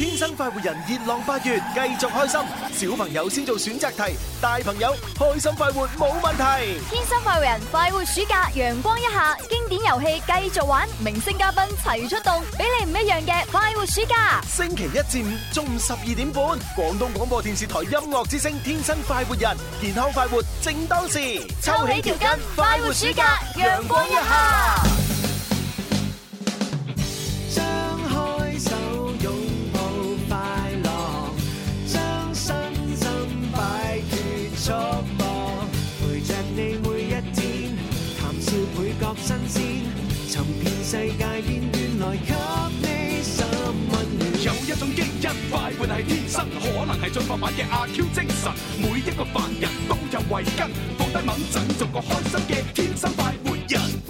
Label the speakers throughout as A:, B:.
A: 天生快活人，熱浪八月繼續開心。小朋友先做選擇題，大朋友開心快活冇問題。
B: 天生快活人，快活暑假，陽光一下，經典遊戲繼續玩，明星嘉賓齊出動，俾你唔一樣嘅快活暑假。星
A: 期一至五中午十二點半，廣東廣播電視台音樂之聲，天生快活人，
C: 健康快活正當時。抽起條筋，快活暑假，陽光一下。
D: 係天生，天生可能係進化版嘅阿 Q 精神。每一個凡
E: 人都有慧根，放低敏感，做個開心嘅天生。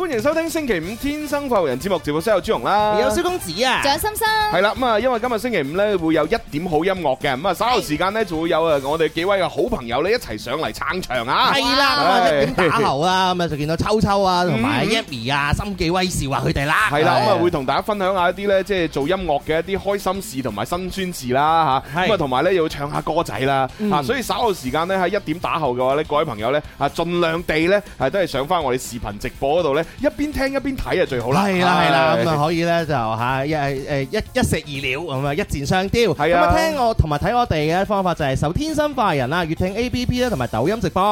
E: 歡迎收聽星期五天生快活人節目，直播室有朱融啦，有蕭公子啊，仲有心心，係啦，咁啊，因為今日星期五咧，會有一點好音樂嘅。咁啊稍後時間咧就會有誒我哋幾位嘅好朋友咧一齊上嚟撐場啊，係啦，咁啊一點打後啦，
F: 咁啊就見到秋秋啊同埋 Amy 啊心記威少啊佢哋啦，係啦，咁啊會
E: 同大家分享下一啲咧即係做音樂嘅一啲開心事同埋辛酸事啦吓，咁啊同埋咧又要唱下歌仔啦，吓，所以稍後時間咧喺一點打後嘅話咧，各位朋友咧啊盡量地咧係都係上翻我哋視頻直播嗰度咧。一邊聽一
F: 邊睇就最好啦，係啦係啦，咁啊可以咧就嚇一誒誒一一石二鳥咁啊一箭雙雕。咁啊聽我同埋睇我哋嘅方法就係搜天生快人啦，粵聽 A P P 咧同埋抖音直播。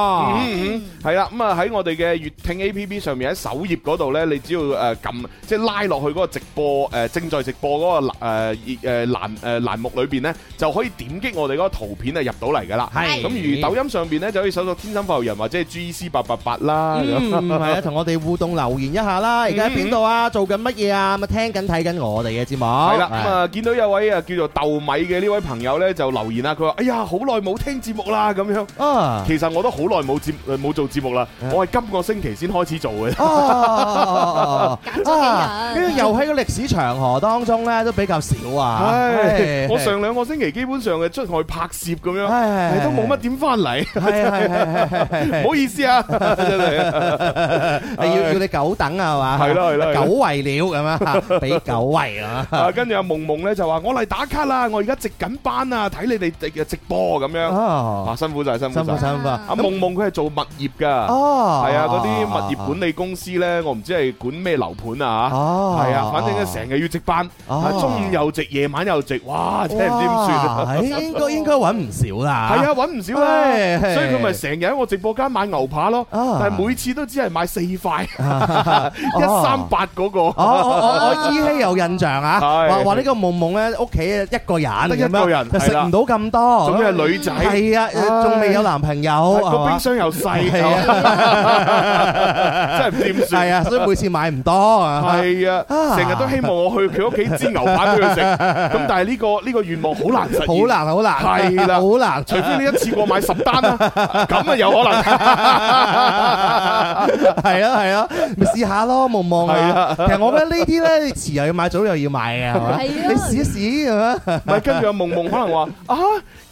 E: 係啦，咁啊喺我哋嘅粵聽 A P P 上面喺首頁嗰度咧，你只要誒撳即係拉落去嗰個直播誒正在直播嗰個誒誒欄誒欄目裏邊咧，就可以點擊我哋嗰個圖片啊入到嚟㗎啦。係咁，如抖音上邊咧就可以搜索天生快人或者係 G C 八八八啦。係啊，同
F: 我哋互動啦。留言一下啦，而家喺邊度啊？做緊乜嘢啊？咪聽緊睇緊我哋嘅節目。係啦，咁啊
E: 見到有位啊叫做豆米嘅呢位朋友咧就留言啦。佢話：哎呀，好耐冇聽節目啦。咁樣，其實我都好耐冇節冇做節目啦。我係今個星期先開始做嘅。啊，
F: 啊，呢個又喺個歷史長河當中咧都比較少啊。我上兩個星
E: 期基本上係出外拍攝咁
F: 樣，係係都冇乜點翻嚟。係係係係，唔好意思啊。真係，要要你。久等啊嘛，係啦係啦，九為料咁樣，俾九為啊。跟住阿夢夢咧就話：我嚟打卡
E: 啦，我而家值緊班啊，睇你哋嘅直播咁樣。啊，辛苦晒，辛苦晒。辛苦辛苦。阿夢夢佢係做物業噶係啊，嗰啲物業管理公司咧，我唔知係管咩樓盤啊吓。係啊，反正成日要值班，中午又值，夜晚又值，哇，聽唔知點算。係應該
F: 應該搵唔少
E: 啦。係啊，搵唔
F: 少啦。所以佢咪
E: 成日喺我直播間買牛排咯，但係每次都只係買四塊。一三八嗰個，我我依稀
F: 有印象啊。話話呢個夢夢咧，屋企一個人，得一個人，食唔到咁多。仲要係女仔。係啊，仲未有男朋友。個冰箱又細，真係唔掂算。係啊，所以每次買唔多。係啊，成日都希望我去佢屋企煎牛扒俾佢食。咁但係呢個呢個願
E: 望好難實現，好難好難，係啦，好難。除非你一次過買十單啦，
F: 咁啊有可能。係啊係啊。咪試下咯，望望啊！其實我覺得呢啲咧，遲又要買，早又要買啊！你試一試，係咪？咪跟住阿望望可能話
E: 啊，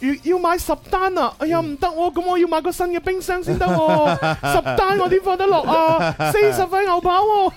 E: 要要買十單啊！哎呀，唔得喎，咁我要買個新嘅
F: 冰箱先得喎！十單我點放得落啊？四十塊牛扒
G: 喎！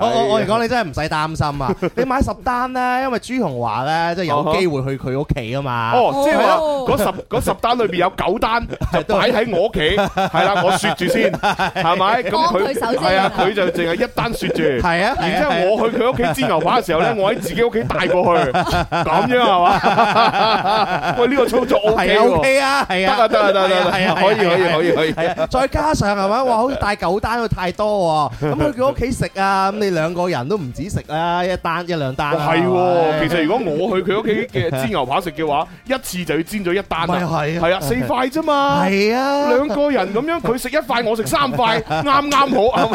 F: 我我我嚟講，你真係唔使擔心啊！你買十單咧，因為朱紅華咧，即係有機會去佢屋企啊嘛！哦、uh，係、huh，咯、oh，嗰十十單裏邊有九單 就擺喺我屋企，係啦， 我説住先，係咪？咁佢係啊，
E: 佢就淨係一單說住，係啊。然之後我去佢屋企煎牛扒嘅時候咧，我喺自己屋企帶過去，咁樣係嘛？喂，呢個操作 OK 啊，係啊，得得得得，係啊，可以可以可以可以。
F: 再加上係咪，哇，好似帶九單都太多喎。咁去佢屋企食啊，咁你兩個人都唔止食啊，一單一兩單。係喎，其實如果我去佢屋企嘅煎
E: 牛扒食嘅話，一次就要煎咗一單啊，係啊，四塊
F: 啫嘛，係啊，兩個人咁樣，佢食一塊，我食三塊。啱啱好，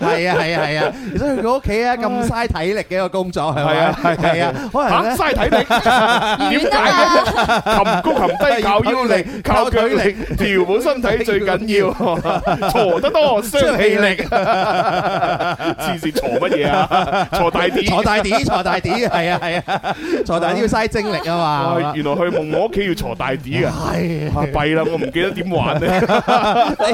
F: 係啊係啊係啊，所以佢屋企啊咁嘥體力嘅一個工作，係嘛係啊，好嘥體
E: 力，
G: 點解
F: 嘅？
E: 擒高擒低靠腰力，靠腳力，調補身體最緊要，鋤得
G: 多
F: 傷氣力，
E: 黐線鋤乜嘢啊？鋤大 D？鋤大 D？
F: 鋤大 D？係啊係啊，鋤大 D 要嘥精力啊嘛。原來去夢我屋企要鋤大 D 嘅，係弊啦，我唔記得點玩咧。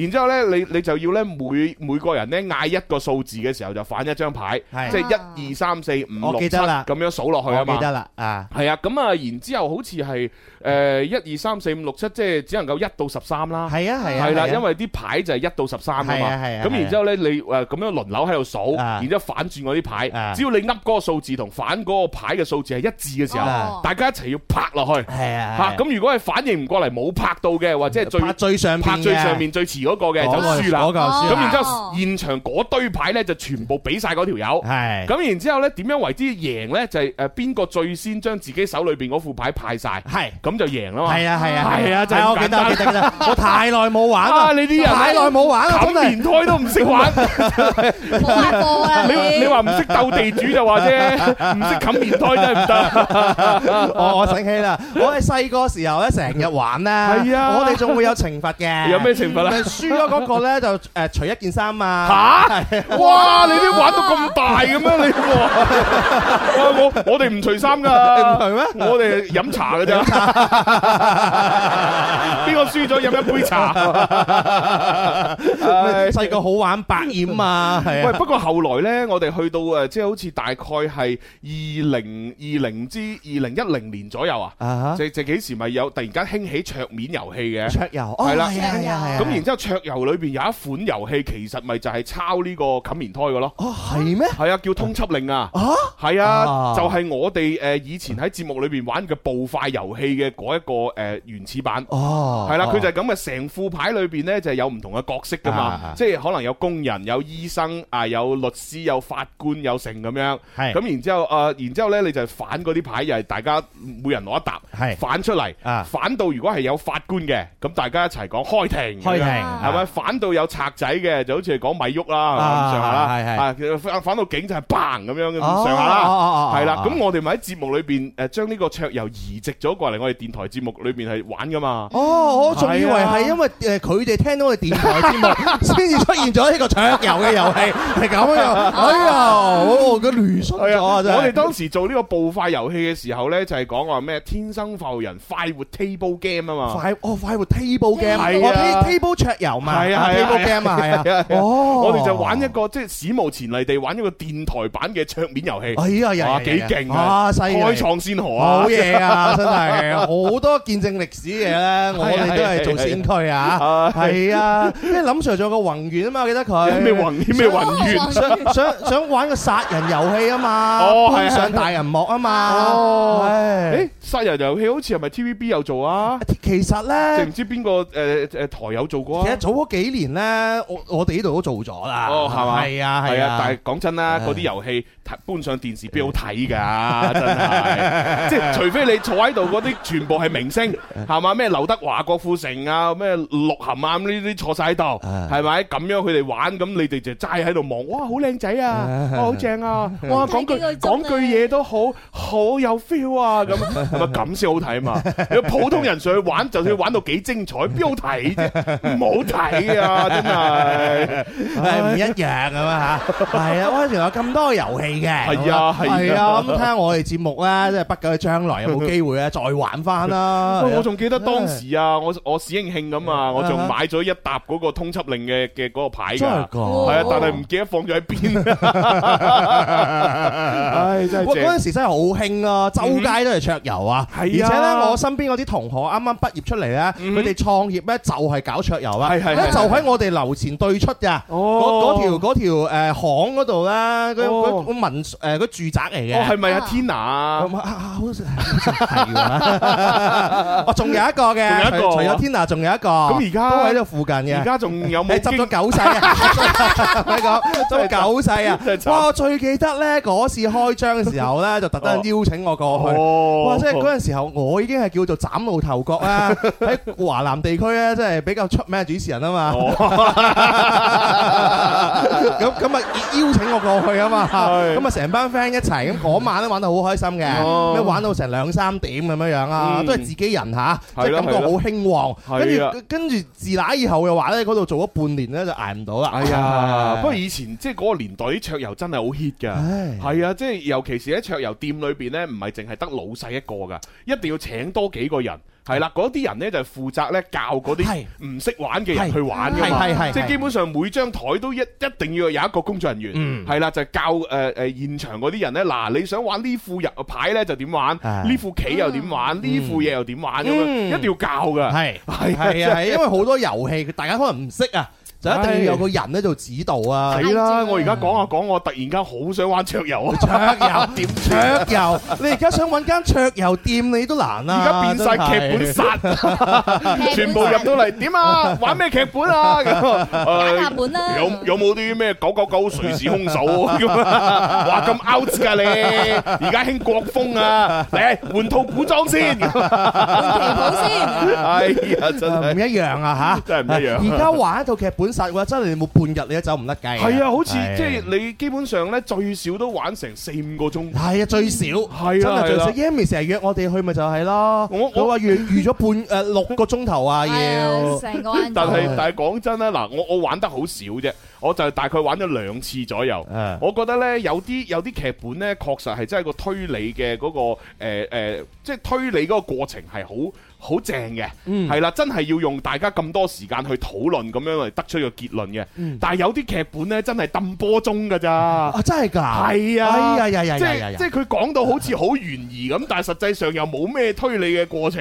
E: 然之後咧，你你就要咧每每個人咧嗌一個數字嘅時候就反一張牌，即係一二三四五六七咁樣數落去啊嘛。我記得啦，啊，係啊，咁啊，然之後好似係誒一二三四五六七，即係只能夠一到十三啦。係啊，係啊，係啦，因為啲牌就係一到十三啊嘛。係啊，係啊。咁然之後咧，你誒咁樣輪流喺度數，然之後反轉嗰啲牌，只要你噏嗰個數字同反嗰個牌嘅數字係一致嘅時候，大家一齊要拍落去。係啊，嚇！咁如果係反應唔過嚟冇拍到嘅，或者係最拍最上邊嘅，拍最上面最遲。嗰個嘅就輸啦，咁然之後現場嗰堆牌咧就全部俾曬嗰條友，咁然之後咧點樣為之贏咧就係誒邊個最先將自己手裏邊嗰副牌派曬，係咁就贏啦嘛。係啊係啊，係啊就係我記得記得啦，
F: 我太耐冇玩啦，你啲人太耐冇玩啦，冚棉胎都唔識玩，冇課啊，你你話唔識鬥地主就話啫，唔識冚棉胎真係唔得。我我醒起啦，我哋細個時候咧成日玩啦，我哋仲會有懲罰嘅，有咩懲罰咧？輸咗嗰個咧就誒除一件衫嘛嚇！哇！你啲玩到
E: 咁大噉樣你？我我我哋唔除衫噶，係咩？我哋飲茶嘅啫。
F: 邊個輸咗飲一杯茶？細個好玩百厭啊！係啊。喂，不過
E: 後來咧，我哋去到誒，即係好似大概係二零二零至二零一零年左右啊。啊！即即幾時咪有突然間興起桌面遊戲嘅桌遊？係啦，咁然之後桌。桌遊裏邊有一款遊戲，其實咪就係抄呢個冚棉胎嘅咯。哦，係咩？係啊，叫通緝令啊。吓、啊，係啊，就係、是、我哋誒以前喺節目裏邊玩嘅步快遊戲嘅嗰一個誒原始版。哦，係啦、啊，佢就係咁嘅，成副牌裏邊呢，就係有唔同嘅角色噶嘛，啊啊、即係可能有工人、有醫生、啊有律師、有法官、有剩咁樣。係、啊，咁然之後啊，然之後咧你就反嗰啲牌，又、就、係、是、大家每人攞一沓，啊、反出嚟，啊、反到如果係有法官嘅，咁大家一齊講開庭，樣開庭。係咪反到有賊仔嘅？就好似係講米喐啦咁上下啦，啊，反反到警就係 bang 咁樣嘅咁上下啦，係啦。咁我哋咪喺節目裏邊誒，將呢個桌遊移植咗過嚟我哋電台節目裏邊係玩噶
F: 嘛？哦，我仲以為係因為誒佢哋聽到我哋電台節目先至出現咗呢個桌遊嘅遊戲，係咁樣。哎呀，我嘅亂信咗啊！真係。我哋當
E: 時做呢個步快遊戲嘅時候咧，就係講話咩天生浮人快活 table game 啊嘛。
F: 快哦，快活 table game，係 table 桌遊。係啊，幾好 game 啊！哦，我哋就
E: 玩一個即係史無前例地玩一個電台版嘅桌面遊戲。哎呀，又幾勁啊！開創先河啊！好嘢啊，真係
F: 好多見證歷史嘅嘢咧。我哋都係做先驅啊！係啊，即係諗出咗個宏願啊嘛！我記得佢咩宏咩宏願，想想想玩個殺人遊戲啊嘛！搬上大人幕啊嘛！誒，
E: 殺人遊戲好似係咪 TVB 有做啊？其
F: 實咧，唔知邊個誒誒台有做過啊？早嗰幾年呢，我我哋呢度都做咗
E: 啦，係咪？哦，係啊，係啊，啊，啊，但係講真啦，嗰啲、啊、遊戲。搬上電視邊好睇㗎？真係，即係除非你坐喺度嗰啲全部係明星係嘛？咩劉德華、郭富城啊、咩鹿晗啊呢啲坐晒喺度係咪？咁樣佢哋玩，咁你哋就齋喺度望。哇，好靚仔啊！哇，好正啊！哇，講句講句嘢都好好有 feel 啊！咁係咪咁先好睇嘛？有普通人上去玩，就算玩到幾精彩，邊好睇啫？唔好睇啊！真係係唔一
F: 樣咁啊！係啊！哇，仲有咁多遊戲
E: ～嘅係啊係啊，咁
F: 聽下我哋節目咧，即係不久嘅將來有冇機會咧再玩翻啦？我仲記得當時
E: 啊，我我市興慶咁啊，我仲買咗一沓嗰個通緝令嘅嘅嗰個牌噶，係啊，但係唔記得放咗喺邊啊！哇，嗰陣時真
F: 係好興啊，周街都係桌遊啊，係啊！而且咧，我身邊嗰啲同學啱啱畢業出嚟咧，佢哋創業咧就係搞桌遊啦，係係係，就喺我哋樓前對出噶，哦，嗰嗰條嗰條誒巷嗰度咧，嗰嗰嗰。誒，嗰住宅嚟嘅，係咪啊？Tina，啊啊，好似係，我仲有一個嘅，仲有一個，除咗 Tina，仲有一個，咁而家都喺度附近嘅，而家仲有冇？執咗狗細啊！唔該，執咗狗細啊！哇，我最記得咧嗰次開張嘅時候咧，就特登邀請我過去。哇，即係嗰陣時候，我已經係叫做嶄露頭角啦！喺華南地區咧，即係比較出名嘅主持人啊嘛。咁咁啊，邀請我過去啊嘛。咁啊，成班 friend 一齊咁嗰晚都玩到好開心嘅，玩到成兩三點咁樣樣啦，都係自己人吓，即係感覺好興旺。跟住跟住自打以後嘅話呢，嗰度做咗半年呢，就捱唔到啦。哎呀，
E: 不過以前即係嗰個年代啲桌遊真係好 hit 㗎，係啊，即係尤其是喺桌遊店裏邊呢，唔係淨係得老細一個噶，一定要請多幾個人。係啦，嗰啲人咧就係、是、負責咧教嗰啲唔識玩嘅人去玩噶嘛，即係基本上每張台都一一定要有一個工作人員，係、嗯、啦就係、教誒誒、呃呃、現場嗰啲人咧，嗱你想玩副呢副入牌咧就點玩，呢是副棋又點玩，呢、嗯、副嘢又點玩咁、嗯、樣，一定要教噶，
F: 係係係啊，因為好多遊戲大家可能唔識啊。就一定要有個人喺度指導啊！係啦，我而家講下講，我突然間好想玩桌遊啊！桌遊點桌遊？你而家想搵間桌遊店你都難啦！而家變晒劇本殺，全部入到嚟點啊？玩
E: 咩劇本啊？咁啊，大劇本啦！有有冇啲咩九九九誰是兇手咁啊？哇，咁 out 噶你！而家
F: 興國風啊，你換套古裝先，
E: 換
F: 旗袍先。哎呀，真係唔一樣啊！吓，真係唔一樣。而家玩一套劇本。真係你冇半日，你都走唔甩計。係啊，好似是、啊、即係你基
E: 本上咧，最少都玩成四五個鐘。
F: 係啊，最少。係、嗯、啊，真係最少。Yammy 成日約我哋去，咪就係咯。我我話預預咗半誒六個鐘頭啊，要。成個是。是啊、
E: 但係但係講真啦，嗱，我我玩得好少啫，我就大概玩咗兩次左右。是啊、我覺得咧，有啲有啲劇本咧，確實係真係個推理嘅嗰、嗰個誒、呃呃、即係推理嗰個過程係好。好正嘅。係啦，真係要用大家咁多時間去討論咁樣嚟，得出個結論嘅但係有啲劇本呢，真係抌波鐘噶咋？啊，真
F: 係噶？係啊，係啊，係啊，即係佢講
E: 到好似好懸疑咁，但係實際上又冇咩推理嘅過程。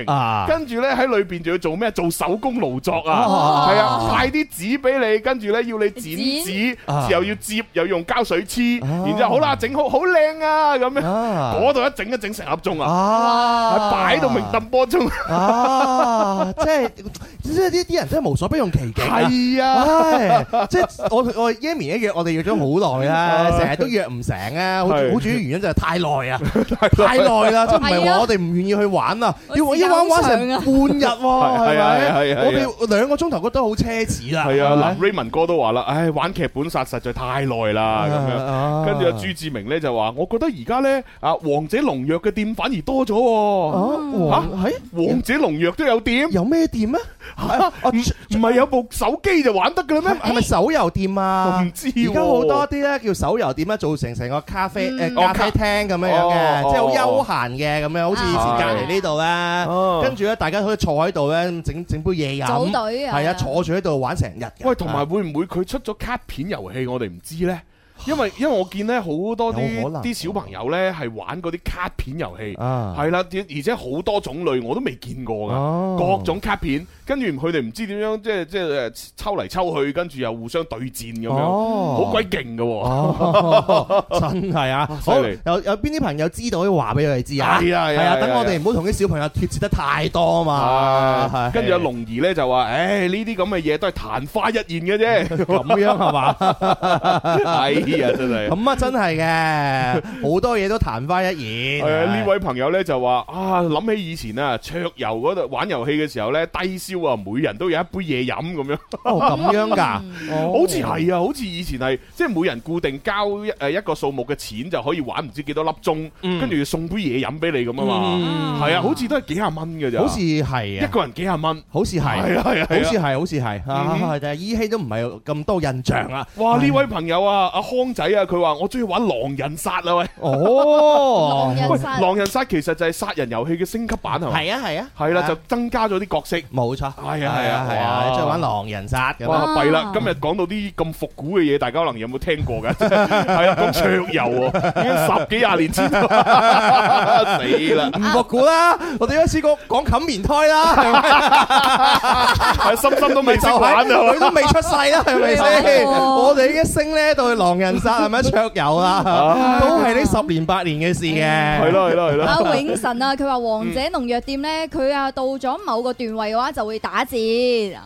E: 跟住呢，喺裏邊仲要做咩？做手工勞作啊？係啊，派啲紙俾你，跟住呢，要你剪紙，又要折，又用膠水黐，然之後好啦，整好，好靚啊咁樣。嗰度一整一整成粒鐘啊，擺到明抌波鐘。
F: 啊！即係即係呢啲人真係無所不用其極，係啊！即係我我 Yamy 約我哋約咗好耐啦，成日都約唔成啊！好主要原因就係太耐啊，太耐啦！即係唔係話我哋唔願意去玩啊？要一玩玩成半日喎，係咪？我哋兩個鐘頭覺得好奢侈啦。係啊，嗱
E: ，Raymond 哥都話啦，唉，玩劇本殺實在太耐啦咁樣。跟住阿朱志明咧，就話，我覺得而家咧啊，王者農藥嘅店反而多咗哦。王者。農藥都有店？有咩
F: 店啊？唔唔係有部手機就玩得噶啦咩？係咪手遊店啊？唔知而家好多啲咧叫手遊店咧，做成成個咖啡誒咖啡廳咁樣樣嘅，即係好休閒嘅咁樣，好似以前隔籬呢度咧。跟住咧，大家可以坐喺度咧，整整杯嘢飲，係啊，坐住喺度玩成日。喂，同埋會唔會佢出咗卡片
E: 遊戲？我哋唔知咧。因為因為我見咧好多啲啲小朋友咧係玩嗰啲卡片遊戲，係啦、啊，而且好多種類我都未見過㗎，啊、各種卡片。跟住佢哋唔知點樣，即係即係誒抽嚟，抽去，跟住又互相對戰咁樣哦，好鬼勁嘅喎，真係啊！所以
F: 有有邊啲朋友知道可以話俾佢哋知啊？係啊，係啊，等我哋唔好同啲小朋友脫節得太多啊嘛。係，跟住阿龍
E: 兒咧就話誒呢啲咁嘅嘢都係曇花一現嘅啫，咁樣係嘛？
F: 哎啊，真係咁啊，真係嘅，
E: 好多嘢都曇花一現，誒呢位朋友咧就話啊，諗起以前啊桌遊嗰度玩遊戲嘅時候咧，低消。每人都有一杯嘢飲咁樣，咁樣噶，好似係啊，好似以前係，即係每人固定交一誒一個數目嘅錢就可以玩唔知幾多粒鐘，跟住
F: 要送杯嘢飲俾你咁啊嘛，係啊，好似都係幾廿蚊嘅咋，好似係，一個人幾廿蚊，好似係，係啊係啊，好似係，好似係，但係依稀都唔係咁多印象啊。哇，呢位朋友啊，阿康仔啊，佢話我中意玩狼人殺啊喂，哦，狼
G: 人殺，狼
E: 人殺其實就係殺人遊戲嘅升級版係嘛？係啊係啊，係啦就增加咗啲角色，冇錯。係啊係啊，係啊，即係玩狼人殺嘅哇弊啦！今日講到啲咁復古嘅嘢，大家可能有冇聽過嘅？係啊，講桌遊喎，已經十幾廿年之
F: 前，死啦！唔復古啦，我哋一次過講冚棉胎啦，心心都未執反啊，佢都未出世啦，係咪先？我哋一升咧到去狼人殺，係咪桌遊啦？都係呢十年八年嘅事嘅，係咯係咯係咯。阿永
B: 神啊，佢話王者農藥店咧，佢啊到咗某個段位嘅話就會。打折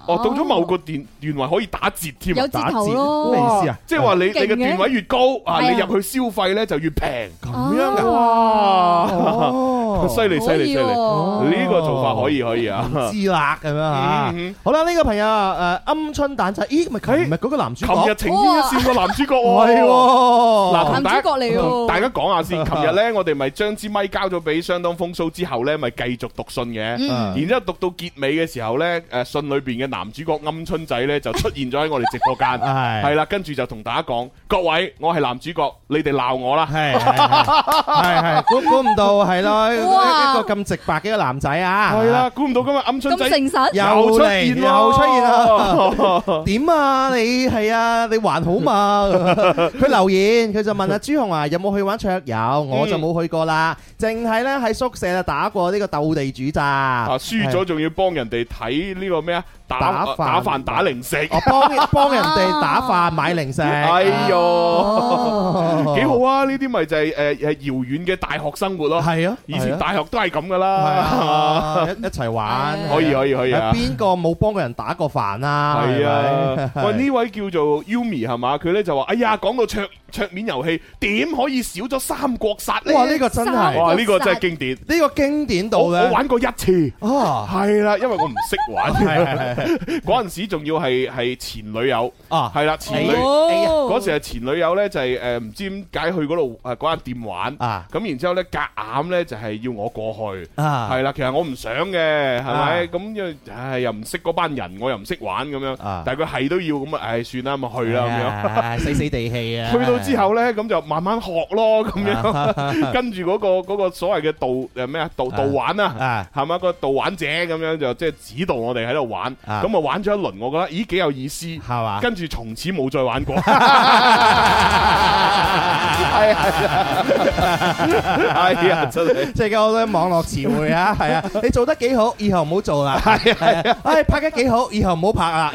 B: 哦，到咗某
E: 個段段位可以打折添。有折咩意思啊？即係話你你嘅段位越高啊，你入去消費咧就越平咁樣啊？哦，犀利犀利犀利！呢個做法可以可以啊。知
F: 啦，咁樣。好啦，呢個朋友啊，誒，鵪鶉蛋仔，咦，唔係佢唔係嗰個男主角？琴日晴天一笑個男主角係？
E: 男主角嚟？大家講下先。琴日咧，我哋咪將支咪交咗俾相當風騷之後咧，咪繼續讀信嘅。然之後讀到結尾嘅時候咧。咧誒，信裏邊嘅男主角鵪鶉仔，咧就出現咗喺我哋直播間，係啦，跟住就同大家講，各位我係男主角，你哋鬧我啦，係
F: 係，估估唔到係咯，一個咁直白嘅一個男仔啊，係啦，
E: 估唔到今日鵪鶉仔又出現又出現啦，
F: 點啊你係啊你還好嘛？佢留言佢就問阿朱紅華有冇去玩桌遊，我就冇去過啦，淨係咧喺宿舍啊打過呢個鬥地主咋，輸咗
E: 仲要幫人哋睇。誒呢個咩啊？哎打飯、打飯、打零食，我幫幫人哋打
F: 飯買零食。哎喲，幾
E: 好啊！呢啲咪就係誒誒遙遠嘅大學生活咯。係啊，以前大學都係咁噶啦，一一齊玩。可以可以可以啊！邊
F: 個冇幫過人打過飯啊？係啊，喂呢
E: 位叫做 Umi 係嘛？佢咧就話：哎呀，講到桌桌面遊戲，點可以少咗三國殺咧？哇！呢個真係，哇！呢個真係經典。呢個經典到咧，我玩過一次。哦，係啦，因為我唔識玩。嗰陣 時仲要係係前女友，係啦，前女嗰時係前女友咧、哎、呦就係誒唔知點解去嗰度誒嗰間店玩，咁然之後咧夾硬咧就係要我過去，係啦，其實我唔想嘅，係咪咁樣？唉、啊，又唔識嗰班人，我又唔識玩咁樣，但係佢係都要咁啊，唉，算啦，咪去啦咁樣，死死地氣啊！去到之後咧，咁就慢慢學咯，咁樣、啊啊、跟住嗰、嗰個、嗰個所謂嘅導誒咩啊導導玩啦，係咪？個導玩，玩者咁樣就即係指導我哋喺度玩。咁啊玩咗一輪，我覺得咦幾有意思，係嘛？跟住從此冇再玩過。係
F: 啊，係啊，即係嗰啲網絡詞彙啊，係啊，你做得幾好，以後唔好做啦。係啊，係啊，唉，拍得幾好，以後唔好拍啦，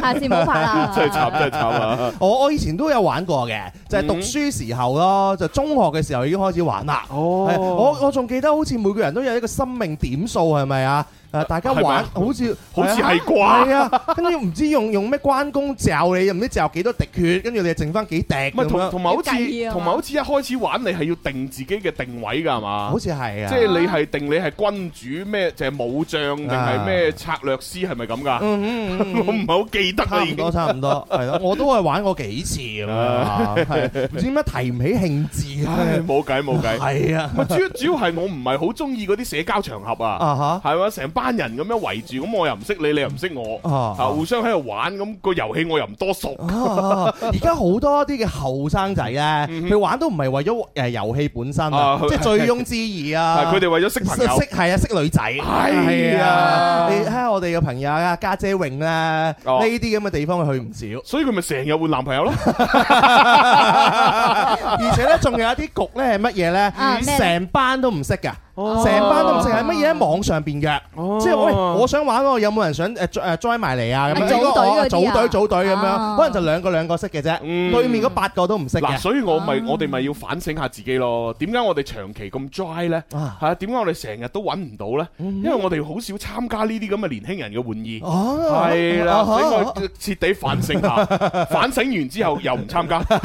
F: 下次唔好拍啦。真係慘，真係慘啊！我我以前都有玩過嘅，就係讀書時候咯，就中學嘅時候已經開始玩啦。哦，我我仲記得好似每個人都有一個生命點數，係咪啊？誒，大家玩好似好似係啩，係啊！跟住唔知用用咩關公罩你，又唔知罩幾多滴血，跟住你又剩翻幾滴咁樣。同同埋好似，同埋
E: 好似一開始玩你係要定自己嘅定位㗎，係嘛？好似係啊！即係你係定你係君主咩？就係武將定係咩策略師係咪咁㗎？嗯嗯，我唔係好記得。差唔多，
F: 差唔多，係咯，我都係玩過幾次
E: 咁啊！係唔知點解
F: 提唔起興致啊？
E: 冇計冇計，係啊！主要主要係我唔係好中意嗰啲社交場合啊！啊哈，係嘛？成班。班人咁樣圍住，咁我又唔識你，你又唔識我，啊，互相喺度玩，咁個遊戲我又唔多熟。
F: 而家好多啲嘅後生仔咧，佢玩都唔係為咗誒遊戲本身，即係醉翁之意啊。佢哋為咗識朋友識，係啊，識女仔係啊。你睇下我哋嘅朋友啊，家姐泳啦，呢啲咁嘅地方佢去唔少，
E: 所以佢咪成日換男朋友咯。
F: 而且咧，仲有一啲局咧係乜嘢咧？成班都唔識噶。成、哦、班都唔識係乜嘢喺網上邊嘅，哦、即係我想玩喎，有冇人想誒誒 join 埋嚟啊？咁樣組隊嘅組隊組隊咁、啊、樣，可能就兩個兩個識嘅啫，嗯、對面嗰八個都唔識嘅。嗱，所以我咪、啊、我哋咪要反省下自己咯。點解我哋長期咁
E: dry 咧？係啊，點、啊、解、啊、我哋成日都揾唔到咧？因為我哋好少參加呢啲咁嘅年輕人嘅玩意。係、啊、啦，應該徹底反省下，啊啊、 反省完之後又唔參加。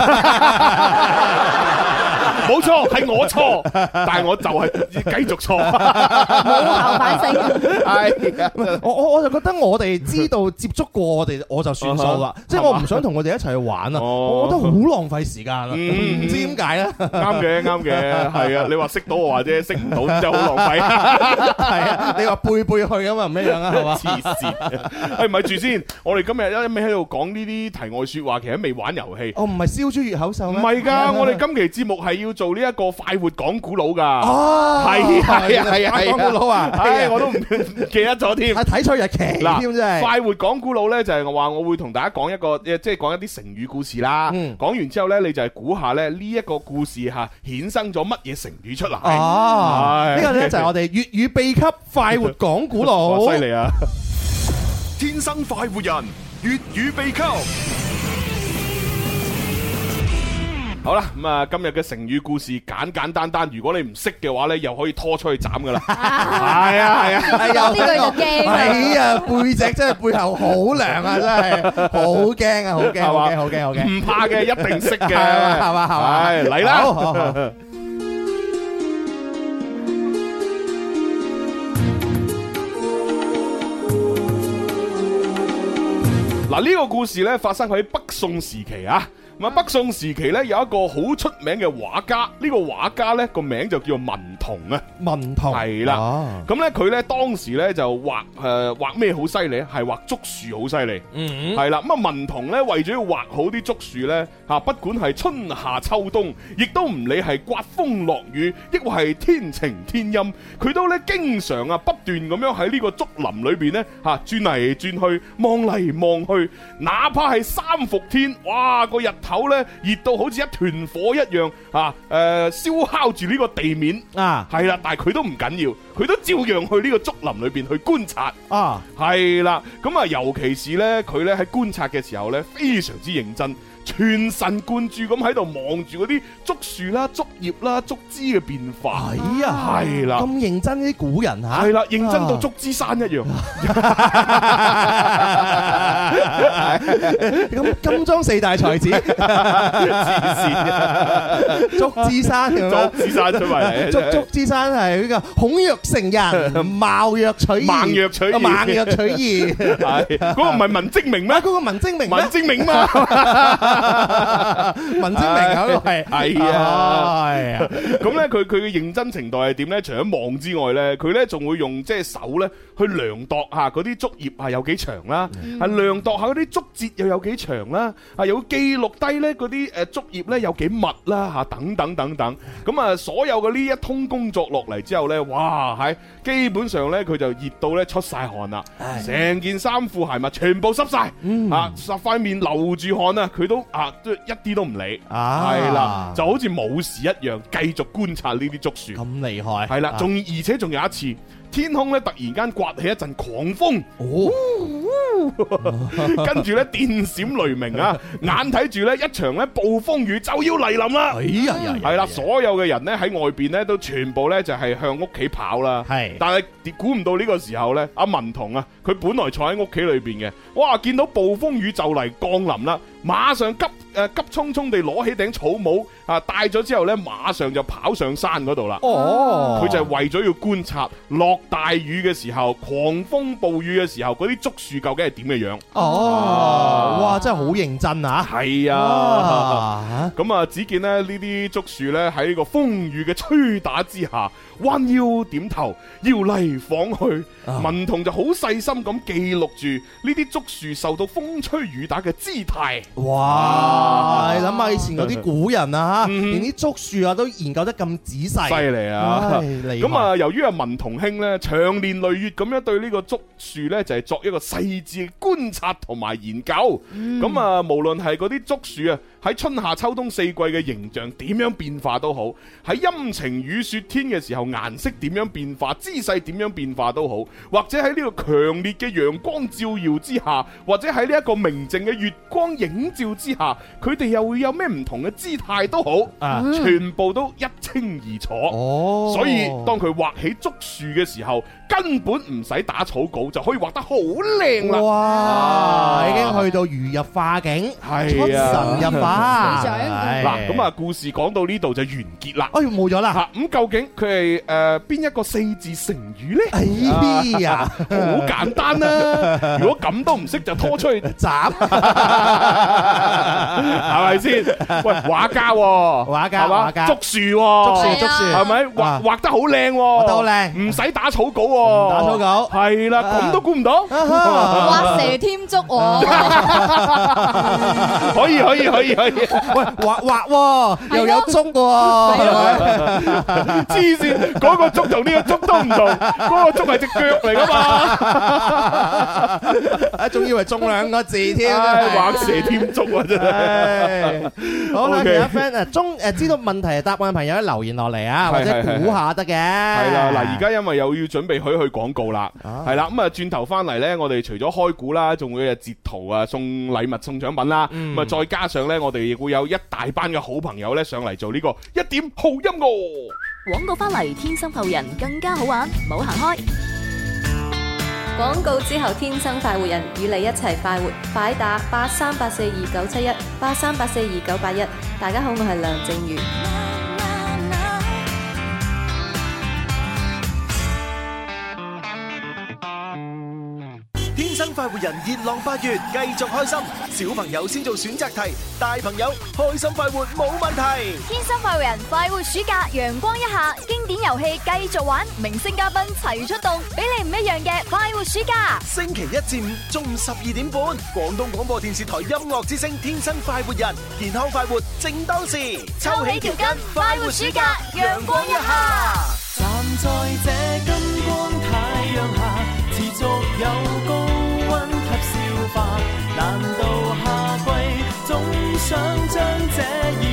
E: 冇錯，係我錯，但係我就係繼續錯，
F: 冇後擺性。係，我我我就覺得我哋知道接觸過我哋，我就算數啦。即係我唔想同佢哋一齊去玩啊，我覺得好
E: 浪費時間啊，唔知點解啊。啱嘅，啱嘅，係啊！你話識到我或者識唔到，真係好浪費。係啊，你話
F: 背背去啊嘛，唔一樣啊嘛。黐
E: 線，誒，咪住先，我哋今日一味喺度講呢啲題外說話，其實未玩遊戲。哦，唔係燒豬脫口秀咩？唔係噶，我哋今期節目係。要做呢一個快活講古佬噶哦，係係係啊，講古佬啊，是我都唔 記得咗了添。係睇錯日期啦，真係嘆快活講古佬咧，就係我話我會同大家講一個，即係講一啲成語故事啦。講、嗯、完之後咧，你就係估下咧呢一個故事吓衍生咗乜嘢成語出嚟啊？呢是個咧就係我
F: 哋粵語秘笈快活講古佬，犀利啊！
E: 天生快活人，粵語秘笈。好啦，咁啊，今日嘅成語故事簡簡單單。如果你唔識嘅話咧，又可以拖出去斬㗎啦。係啊係啊，有呢個就驚啊，
F: 背脊真係背後好涼啊，真係好驚啊，好驚，好驚，好驚，唔怕嘅，一定識嘅，係嘛，係嘛，係嘛，嚟啦！好，好，
E: 好。嗱，呢個故事咧，發生喺北宋時期啊。北宋時期咧，有一個好出名嘅畫家，呢個畫家咧個名就叫做文同啊。文同係啦，咁咧佢咧當時咧就畫誒、呃、畫咩好犀利？係畫竹樹好犀利。嗯嗯，係啦。咁啊，文同咧為咗要畫好啲竹樹呢嚇，不管係春夏秋冬，亦都唔理係刮風落雨，亦或係天晴天陰，佢都咧經常啊不斷咁樣喺呢個竹林裏邊咧嚇轉嚟轉去，望嚟望去，哪怕係三伏天，哇個日。口咧熱到好似一團火一樣，啊，誒、呃，燒烤住呢個地面，啊，係啦，但係佢都唔緊要，佢都照樣去呢個竹林裏邊去觀察，啊，係啦，咁啊，尤其是咧，佢咧喺觀察嘅時候咧，非常之認真。全神貫注咁喺度望住嗰啲竹樹啦、竹葉啦、竹枝嘅變化。哎呀，係
F: 啦，咁認真啲古人吓。係啦，認真到祝枝山一樣。咁金裝四大才子，祝枝山，祝枝山出埋嚟，竹祝枝山係呢個孔曰成仁，孟曰取，孟曰取，孟曰取義。嗰個唔係文徵明咩？嗰個文徵明，文徵明嘛。
E: 文青明啊，係係啊，係咁咧，佢佢嘅認真程度係點咧？除咗望之外咧，佢咧仲會用即係手咧。去量度下嗰啲竹葉嚇有幾長啦、啊，係、嗯、量度下嗰啲竹節又有幾長啦、啊，又會記錄低咧嗰啲誒竹葉咧有幾密啦嚇，等等等等，咁啊所有嘅呢一通工作落嚟之後咧，哇係基本上咧佢就熱到咧出晒汗啦，成唉件衫褲鞋襪全部濕晒、嗯啊，啊十塊面流住汗啊佢都啊都一啲都唔理，係啦、啊、就好似冇事一樣繼續觀察呢啲竹樹，咁厲害係啦，仲而且仲有一次。天空咧突然間刮起一陣狂風，哦、 跟住咧電閃雷鳴啊！ 眼睇住咧一場咧暴風雨就要嚟臨啦。係啦、哎， 所有嘅人咧喺外邊咧都全部咧就係向屋企跑啦。係是，但係估唔到呢個時候咧，阿文同啊，佢本來坐喺屋企裏邊嘅，哇！見到暴風雨就嚟降臨啦，馬上急。急匆匆地攞起頂草帽啊，戴咗之後呢，馬上就跑上山嗰度啦。哦，佢就係為咗要觀察落大雨嘅時候，狂風暴雨嘅時候，嗰啲竹樹究竟係點嘅樣，樣？哦、oh. ah.，哇，
F: 真係好認真啊！係啊，
E: 咁啊哇、嗯，只見呢呢啲竹樹呢，喺呢個風雨嘅吹打之下。彎腰點頭，搖嚟晃去，啊、文同就好細心咁記錄住呢啲竹樹受到風吹雨打嘅姿態。哇！諗下、啊、以前嗰啲古
F: 人啊，吓、嗯、連啲竹樹啊都研究得咁仔細，犀利啊！咁啊，
E: 哎、由於阿文同兄呢長年累月咁樣對呢個竹樹呢，就係、是、作一個細緻嘅觀察同埋研究。咁啊、嗯，無論係嗰啲竹樹啊。喺春夏秋冬四季嘅形象點樣變化都好，喺陰晴雨雪天嘅時候顏色點樣變化、姿勢點樣變化都好，或者喺呢個強烈嘅陽光照耀之下，或者喺呢一個明淨嘅月光影照之下，佢哋又會有咩唔同嘅姿態都好，啊，全部都一清二楚。哦，uh. 所以當佢畫起竹樹嘅時候。根本唔使打草稿就可以畫得好
F: 靚啦哇，已經去到如入化境，係啊，出
E: 神入化。嗱，咁啊，故事講到呢度就完結啦。哎，冇咗啦吓。咁究竟佢係誒邊一個四字成語咧？哎呀，好簡單啊。如果咁都唔識，就拖出去斬，係咪先？喂，畫家，畫家，畫家，竹樹，竹樹，竹樹，係咪畫畫得好靚？畫得好靚，唔使打草稿。打草狗，係啦，咁都估唔到，
F: 畫蛇
B: 添足，我
F: 可以可以可以可以，喂畫畫又有中嘅，係咪？黐線，嗰個足同呢個足都唔同，嗰個足係隻腳嚟噶嘛？啊，仲以為中兩個字添，畫蛇添足啊，真係。好，friend 啊，中誒知道問題答案嘅朋友留言落嚟啊，或者估下得嘅。係啦，嗱，而
E: 家因為又要準備。去廣告啦，係啦，啊，咁啊轉頭翻嚟，呢，我哋除咗開估啦，仲會有截圖啊，送禮物送獎品啦，咁啊、嗯、再加上呢，我哋亦會有一大班嘅好朋友呢，上嚟做呢個一點好音樂，
B: 哦、廣告翻嚟，天生後人更加好玩，冇行開。廣告之後，天生快活人與你一齊快活，快打八三八四二九七一八三八四二九八一。大家好，我係梁靜茹。
A: 快活人，熱浪八月繼續開心。小朋友先做選擇題，大朋友開心快活冇問題。
B: 天生快活人，快活暑假，陽光一下，經典遊戲繼續玩，明星嘉賓齊出動，俾你唔一樣嘅快活暑假。星期一至
A: 五中午十二點半，廣東廣播電視台音樂之聲天生快活人，健康
D: 快活正當時，抽起條筋，快活暑假，陽光一下。站在這金光太陽下，持續有。難道夏季總想將這。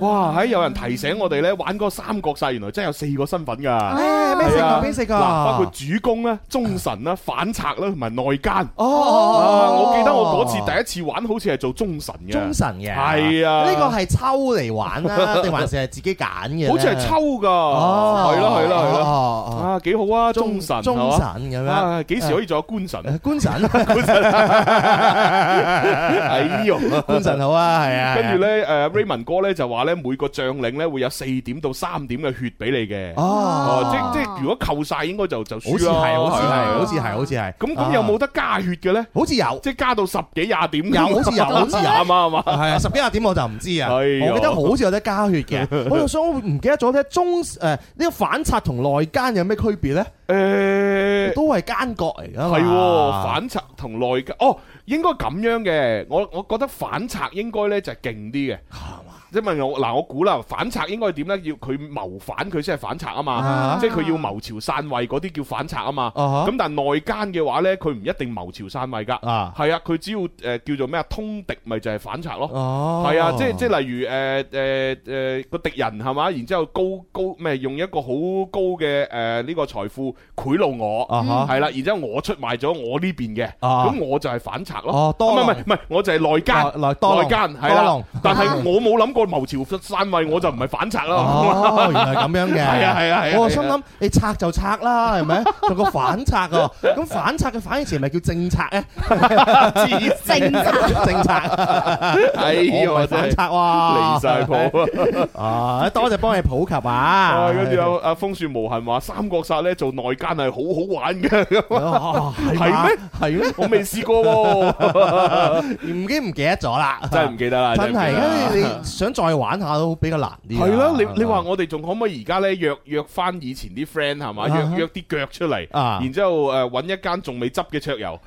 E: 哇！喺有人提醒我哋咧，玩嗰個三國殺，原來真係有四個身份噶。誒，咩色噶？咩色噶？嗱，包括主公啦、忠臣啦、反賊啦，同埋內奸。哦，我記得我嗰次第一次玩，好似係做忠臣嘅。忠臣嘅。係啊。呢個係
F: 抽嚟玩啦，定還是係自己揀嘅？好似係抽噶。哦，係咯，係咯，係咯。啊，幾好啊！忠
E: 臣，忠臣咁樣。幾時可以做官
F: 臣？官臣。官臣。哎
E: 喲，官臣好啊，係啊。跟住咧，誒，Raymond 哥咧就話。咧每個將領咧會有四點到三點嘅血俾你嘅，哦，即即如果扣晒，應該就就輸啦，係，好似係，好似係，好似
F: 係，咁咁有冇
E: 得加血嘅咧？好似有，即加到十幾廿
F: 點，有，好似有，好似有，啱唔啱係啊，十幾廿點我就唔知啊，我記得好似有得加血嘅，我又想我唔記得咗咧，中誒呢個反賊同內奸有咩區別咧？誒，都係奸角嚟噶，係喎，
E: 反賊同內奸，哦，應該咁樣嘅，我我覺得反賊應該咧就係勁啲嘅，因為我嗱，我估啦，反賊應該點咧？要佢謀反，佢先係反賊啊嘛。啊即係佢要謀朝篡位嗰啲叫反賊啊嘛。咁、啊、哈但係內奸嘅話咧，佢唔一定謀朝篡位噶。係啊，佢、啊、只要誒叫做咩啊，通敵咪就係反賊咯。係啊，啊，啊，啊，啊，即係即係例如誒誒誒個敵人係嘛，然之後高高咩用一個好高嘅誒呢個財富賄賂我，係啦、嗯嗯，然之後我出賣咗我呢邊嘅，咁我就係反賊咯。唔係唔係唔係，我就係內奸內內奸係啦。但係我冇諗。個謀朝篡位我就唔係反賊啦。哦，原嚟咁樣嘅。係啊係啊係啊。我心諗
F: 你拆就拆啦，係咪？做個反賊啊？咁反賊嘅反義詞咪叫政策咧？治政政策。哎呀，真係離晒譜啊！
E: 多謝幫你普及啊。跟住阿阿風雪無痕話：三國殺咧做內奸係好好
F: 玩嘅。
E: 係咩？係咩？我未試過，唔
F: 記唔記得咗啦。真係唔記得啦。真係，跟住你。想再玩下都比較難啲。係咯，你你
E: 話我哋仲可唔可以而家咧約約翻以前啲 friend 係嘛，約約啲腳出嚟，然之後誒揾一間仲未執嘅桌遊，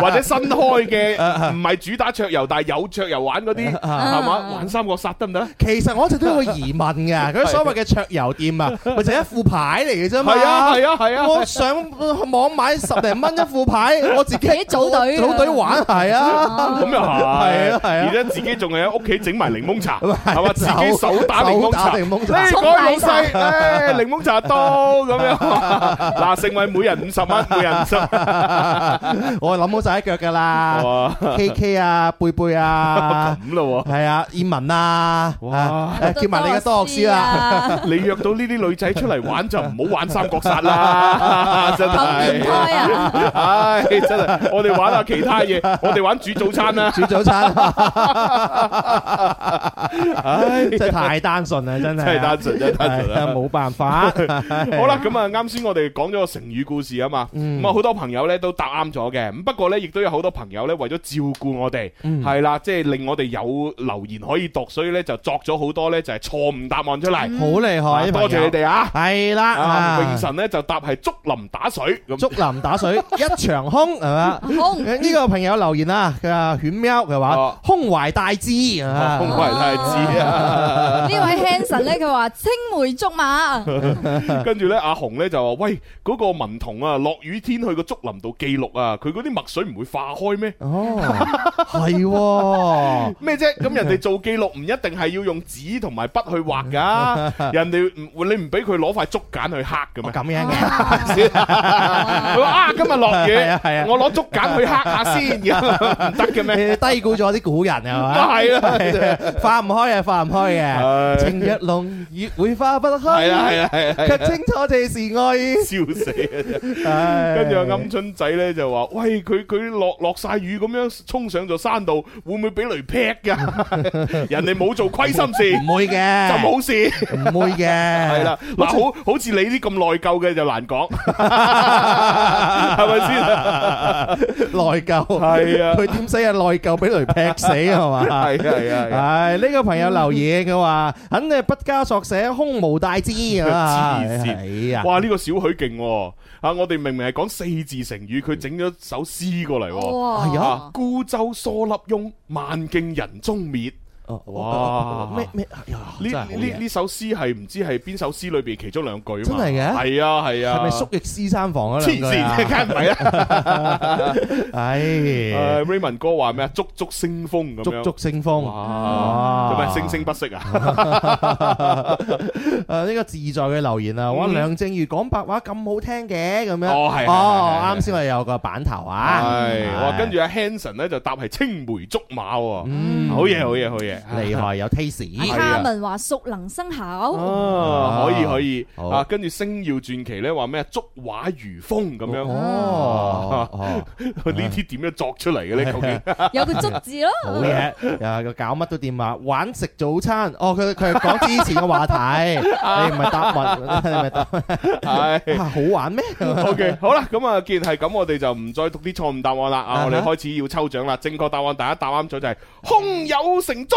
E: 或者新開嘅唔係主打桌遊，但係有桌遊玩嗰啲係嘛，玩三國殺得唔得？
F: 其實我一直都有疑問嘅，嗰啲所謂嘅桌遊店啊，佢就一副牌嚟嘅啫嘛？係啊係啊係啊！我上網買十零蚊一副牌，我自己組隊組隊玩，係啊，咁又係啊係
E: 啊，而且自己仲係一屋企整埋檸檬茶，係嘛，自己手打檸檬茶，呢個老細，誒，
F: 檸檬茶都咁樣。嗱，盛惠每人五十蚊，每人五十。我諗好晒一腳噶啦，KK 啊，貝貝啊，咁咯。係啊，燕文啊，哇，叫埋你嘅多學師啦。
E: 你約到呢啲女仔出嚟玩就唔好玩三國殺啦，真係。唉，真係，我哋玩下其他嘢，我哋玩煮早餐啦。煮早餐。
F: 真係太單純啦，真係，真係單純，單純啦，冇辦法。好啦，咁
E: 啊，啱先我哋講咗個成語故事啊嘛，咁啊，好多朋友咧都答啱咗嘅。咁不過咧，亦都有好多朋友咧為咗照顧我哋，係啦，即係令我哋有留言可以讀，所以咧就作咗好多咧就係錯誤答案出嚟，好厲害，多謝你哋啊，
F: 係啦，榮臣咧就答係竹林打水，竹林打水一場空，係咪啊？空呢個朋友留言啊，佢話犬喵嘅話，空懷大志。呢位 Hanson
B: 咧，佢話青梅竹馬，
E: 跟住
F: 咧阿紅咧就話：，
E: 喂，嗰個文童啊，落雨天去個竹林度記錄啊，佢嗰啲墨水唔會化開咩？
F: 哦，係，咩啫？咁人哋
E: 做記錄唔一定係要用紙同埋筆去畫噶，人哋你唔俾佢攞塊竹簡去刻噶嘛？咁樣嘅，佢話啊，今日落雨，我攞竹簡去刻下先，唔
F: 得嘅咩？低估咗啲古人啊嘛，係啊。 化唔開啊，化唔開嘅。情若濃，月會化不開，啊。 係啊，係啊，係。睇清楚，這是愛。
E: 笑死啊！跟住阿鵪鶉仔咧就話：，喂，佢佢落落晒雨咁樣衝上咗山度，會唔會俾雷劈噶？ 人哋冇做虧心事，唔 會嘅，咁好沒事，唔 的會嘅。係啦，嗱，好好似你啲咁內疚嘅就難講，係咪先？
F: 內疚，係啊 是的。佢點使啊？內疚俾雷劈死係嘛？係啊。 係呢、啊啊哎這個朋友留言，佢話肯定係不加索寫，胸無大志啊！哇，呢、這個小許
E: 勁啊！我哋明明係講四字成語，佢整咗首詩過嚟哇、啊，孤舟蓑笠翁，萬徑人蹤滅。哦，哇！咩咩呢呢呢首詩係唔知係邊首詩裏邊其中兩句真係嘅，係啊係啊。係咪宿
F: 業師山房啊？黐線梗唔係啊？唉
E: ，Raymond 哥話咩啊？竹竹生風咁樣。竹竹生風，唔係星星不息啊？
F: 誒，呢個自在嘅留言啊，哇！梁靜茹講白話咁好聽嘅，咁樣哦係哦，啱先我哋有個版頭啊，哇！跟
E: 住阿 Hanson 咧就答係青梅竹馬喎，好嘢好嘢好嘢。厲害，有 taste，夏文
B: 話熟能生巧
E: 啊，可以可以啊，跟住星耀傳奇咧話咩？
F: 竹畫如風咁樣哦，呢啲點樣作出嚟嘅咧？究竟？有個竹字咯，好嘢，又係個搞乜都掂啊！玩食早餐哦，佢佢係講之前嘅話題，你唔係答問，你唔係答係好玩咩
E: ？OK，好啦，咁啊，既然係咁，我哋就唔再讀啲錯誤答案啦。啊，我哋開始要抽獎啦！正確答案大家答啱咗就係胸有成竹。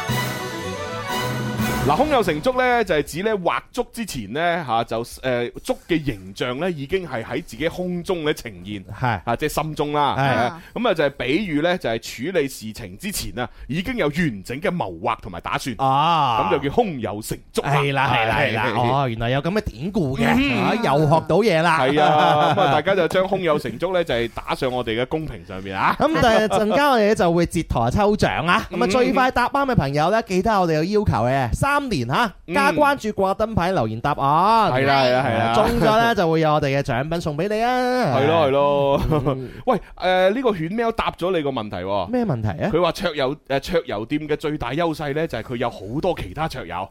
E: 嗱，胸有成竹咧，就係指咧畫竹之前咧嚇，就誒竹嘅形象咧已經係喺自己胸中咧呈現，係是啊，即係心中啦。係啊，咁啊就係、是、比喻咧，就係處理事情之前啊，已經有完整嘅謀劃同埋打算。啊，咁就叫胸有成竹啦。係啦、啊，係啦、啊啊啊，哦，
F: 原來有咁嘅典故嘅、嗯哼啊，又學到嘢啦。係啊，咁、嗯、啊大
E: 家就將胸有成竹咧就係打上我哋嘅公屏上面，啊。咁但係陣間
F: 我哋就會截台抽獎啊。咁啊、嗯、最快答返嘅朋友咧，記得我哋有要求嘅。三年吓，加關注掛燈牌留言答案，係啦，係啦，係啦， 中咗呢就會有我哋嘅獎品送俾你啊！係咯，係咯，
E: 嗯、喂誒，呢、呃這個犬喵答咗你個問題，咩問題啊？佢話桌遊誒桌遊店嘅最大優勢呢就係佢有好多其他桌遊。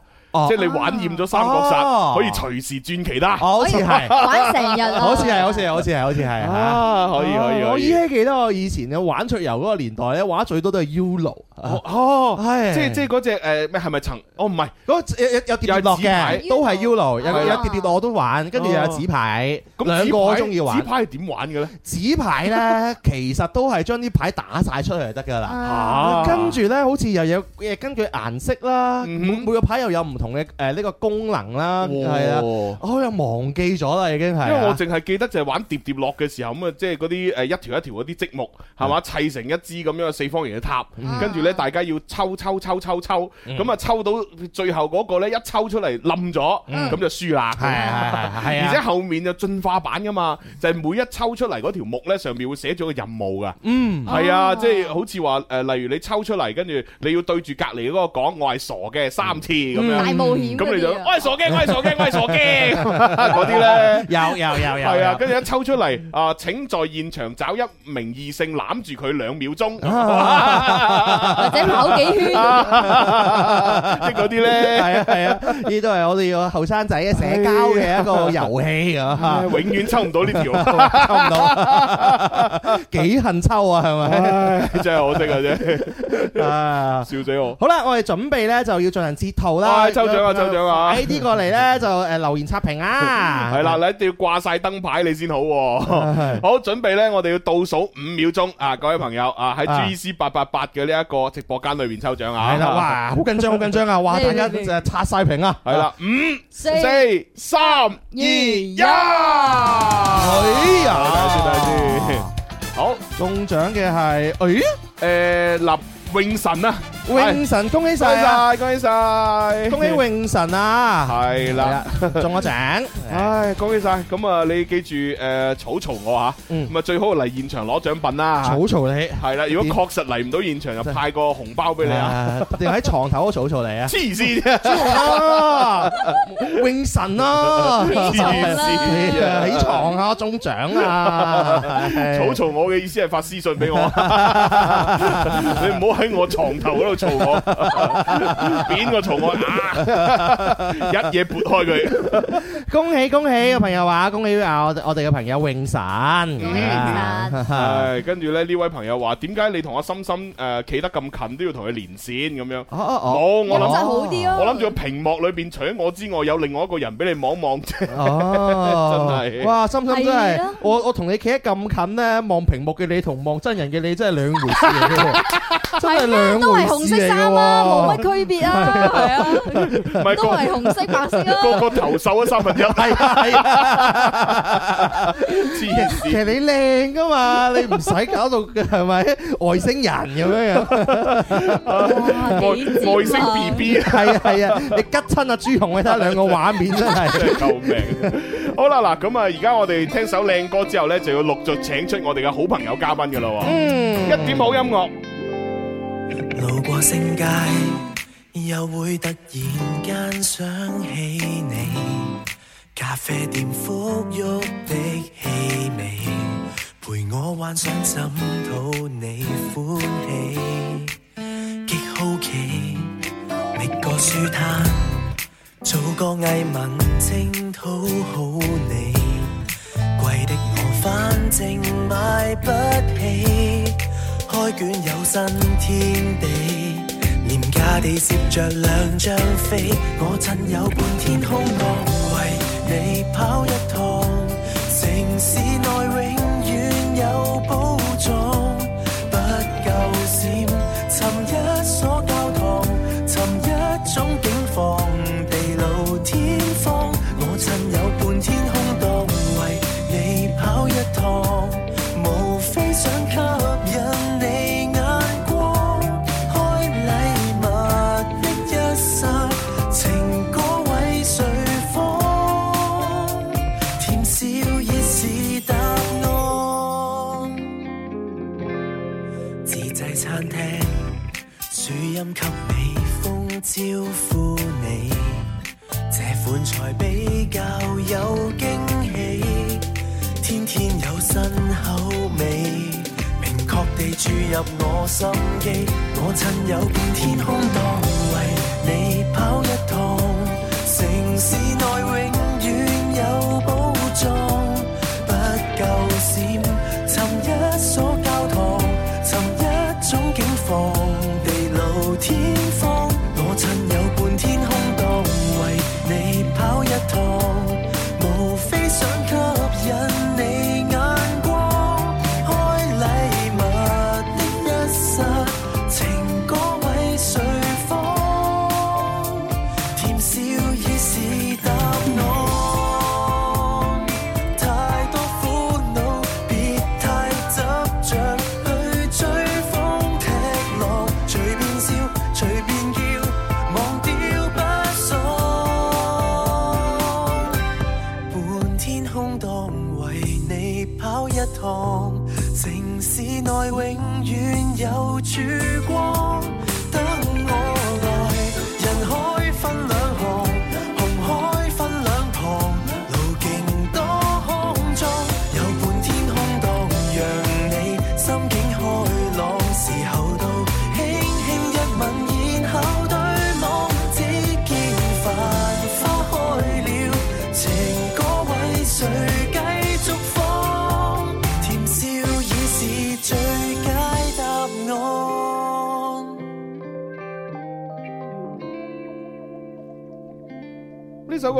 E: 即係你玩厭咗三國殺，可以隨時轉其他。好似係玩成日，好似係，好似係，好似係，好似係可以可以我依稀
F: 記得我以前嘅玩桌遊嗰個年代咧，玩最多都係 U No。哦，係。即係即係
E: 嗰隻誒，係咪層？哦，唔係，嗰有碟有跌落嘅，都
F: 係 U No。有有碟跌落都玩，跟住又有紙牌。咁兩個中意玩。紙牌係點玩嘅咧？紙牌咧，其實都係將啲牌打晒出去就得噶啦。跟住咧，好似又有根據顏色啦，每每個牌又有唔同。同一呢個功能啦，係啊，我又忘記咗啦，已經係。因為我
E: 淨係記得就係玩疊疊樂嘅時候咁啊，即係嗰啲誒一條一條嗰啲積木係嘛，砌成一支咁樣嘅四方形嘅塔，跟住咧大家要抽抽抽抽抽，咁啊抽到最後嗰個咧一抽出嚟冧咗，咁就輸啦。係係，而且後面就進化版噶嘛，就係每一抽出嚟嗰條木咧上面會寫咗個任務噶。
G: 嗯，係啊，即
E: 係好似話誒，例如你抽出嚟跟住你要對住隔離嗰個講我係傻嘅三次咁樣。咁你就我係傻驚，我係傻驚，我係傻驚，嗰啲咧有有有有係啊！跟住一抽出嚟啊，請在現場找一名異性攬住佢兩秒鐘，或
G: 者跑幾圈，
F: 即啲咧。係啊係啊，呢都係我哋個後生仔嘅社交嘅一個遊戲啊！永遠抽唔到呢條，抽唔到，幾恨抽啊！係咪？真係可惜啊！啫，笑死我！好啦，我哋準備咧就要進行截圖啦。抽獎啊！抽獎啊！快啲過嚟咧，就誒留言刷屏啊！係啦，你
E: 一定要掛晒燈牌，你先好。好準備咧，我哋要倒數五秒鐘啊！各位朋友啊，喺 GC 八八八嘅呢一個直播間裏邊抽獎啊！係啦，哇，好緊
F: 張，好緊張啊！哇，大家就係刷晒屏啊！係啦，五、四、三、二、一，
E: 哎呀！好，中獎嘅係誒誒立永神啊！
F: 永神，恭喜晒晒、啊，恭喜晒！恭喜永神啊！係啦
E: 了，了中咗獎，唉，恭喜晒！咁啊，你記住誒、呃，草草我嚇、啊，咁啊、嗯、最好嚟現場攞獎品啦、啊！草草你係啦，如果確實嚟唔到現場，就派個紅包
F: 俾你啊！定喺、呃、床頭嗰度草草你啊！黐線啊！ 啊 永神啊！黐線起床啊！中獎啊！草草
E: 我嘅意思係發私信俾我， 你唔好喺我床頭嗰度。嘈我，邊個嘈我？一嘢撥開佢。
F: 恭喜恭喜個朋友話，恭喜啊！我我哋嘅朋友永神，係
E: 跟住咧，呢位朋友話，點解你同阿心心誒企得咁近都要同佢連線咁樣？冇我諗，我諗住個屏幕裏邊除咗我之外，有另外一個人俾你望望啫，真係。哇，心心真係，我我
F: 同你企得咁近咧，望屏幕嘅你同望真人嘅你真係兩回事，真係兩回事。紅色衫啊，冇乜區別啊，係啊，都係紅色白色啊，個個頭瘦咗三
E: 分一，係啊，
F: 其實你靚噶嘛，你唔使搞到係咪外星人咁樣，外外星 B B 啊，係啊係啊，你吉親啊朱紅啊，得兩個畫面啦，係，真係救命。
E: 好啦嗱，咁啊，而家我哋聽首靚歌之後咧，就要陸續請出我哋嘅好朋友嘉賓噶啦，嗯，一點好
D: 音樂。路過星街，又會突然間想起你。咖啡店馥郁的氣味，陪我幻想怎討你歡喜。極好奇，覓個書攤，做個偽文青討好你。貴的我反正買不起。開卷有新天地，廉價地摺着兩張飛。我趁有半天空檔，為你跑一趟，城市內永遠有寶藏，不夠閃。尋一所教堂，尋一種景。招呼你，這款才比較有驚喜，天天有新口味，明確地注入我心機，我趁有片天空，當為你跑。城市內永遠有曙光。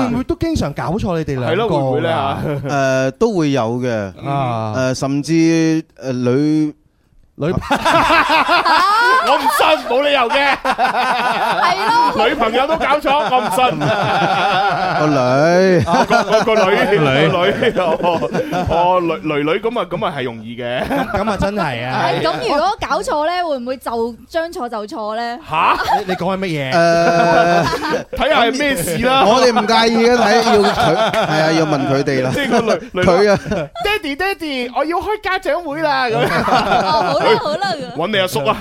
F: 會唔會都經常搞錯你哋兩個？係咯，會唔會
C: 咧吓？誒、 呃，都會有嘅啊，誒、呃，甚至誒、呃，女。女，
F: 我唔信，冇理由嘅，
E: 係咯。女朋友都搞錯，我唔信。
C: 個女，
E: 個個女，女女，哦，哦，女女女咁啊，咁啊係容易
F: 嘅。咁啊真係啊。咁如
B: 果搞錯咧，會唔會就將錯就錯咧？
F: 吓，你講緊乜嘢？誒，睇下係咩事啦。我哋唔介意嘅，睇
G: 要
C: 佢，係啊，要問佢哋啦。即係個女女啊，
E: 爹哋爹哋，我要開家長
F: 會啦咁。好。
E: 搵你阿叔啊！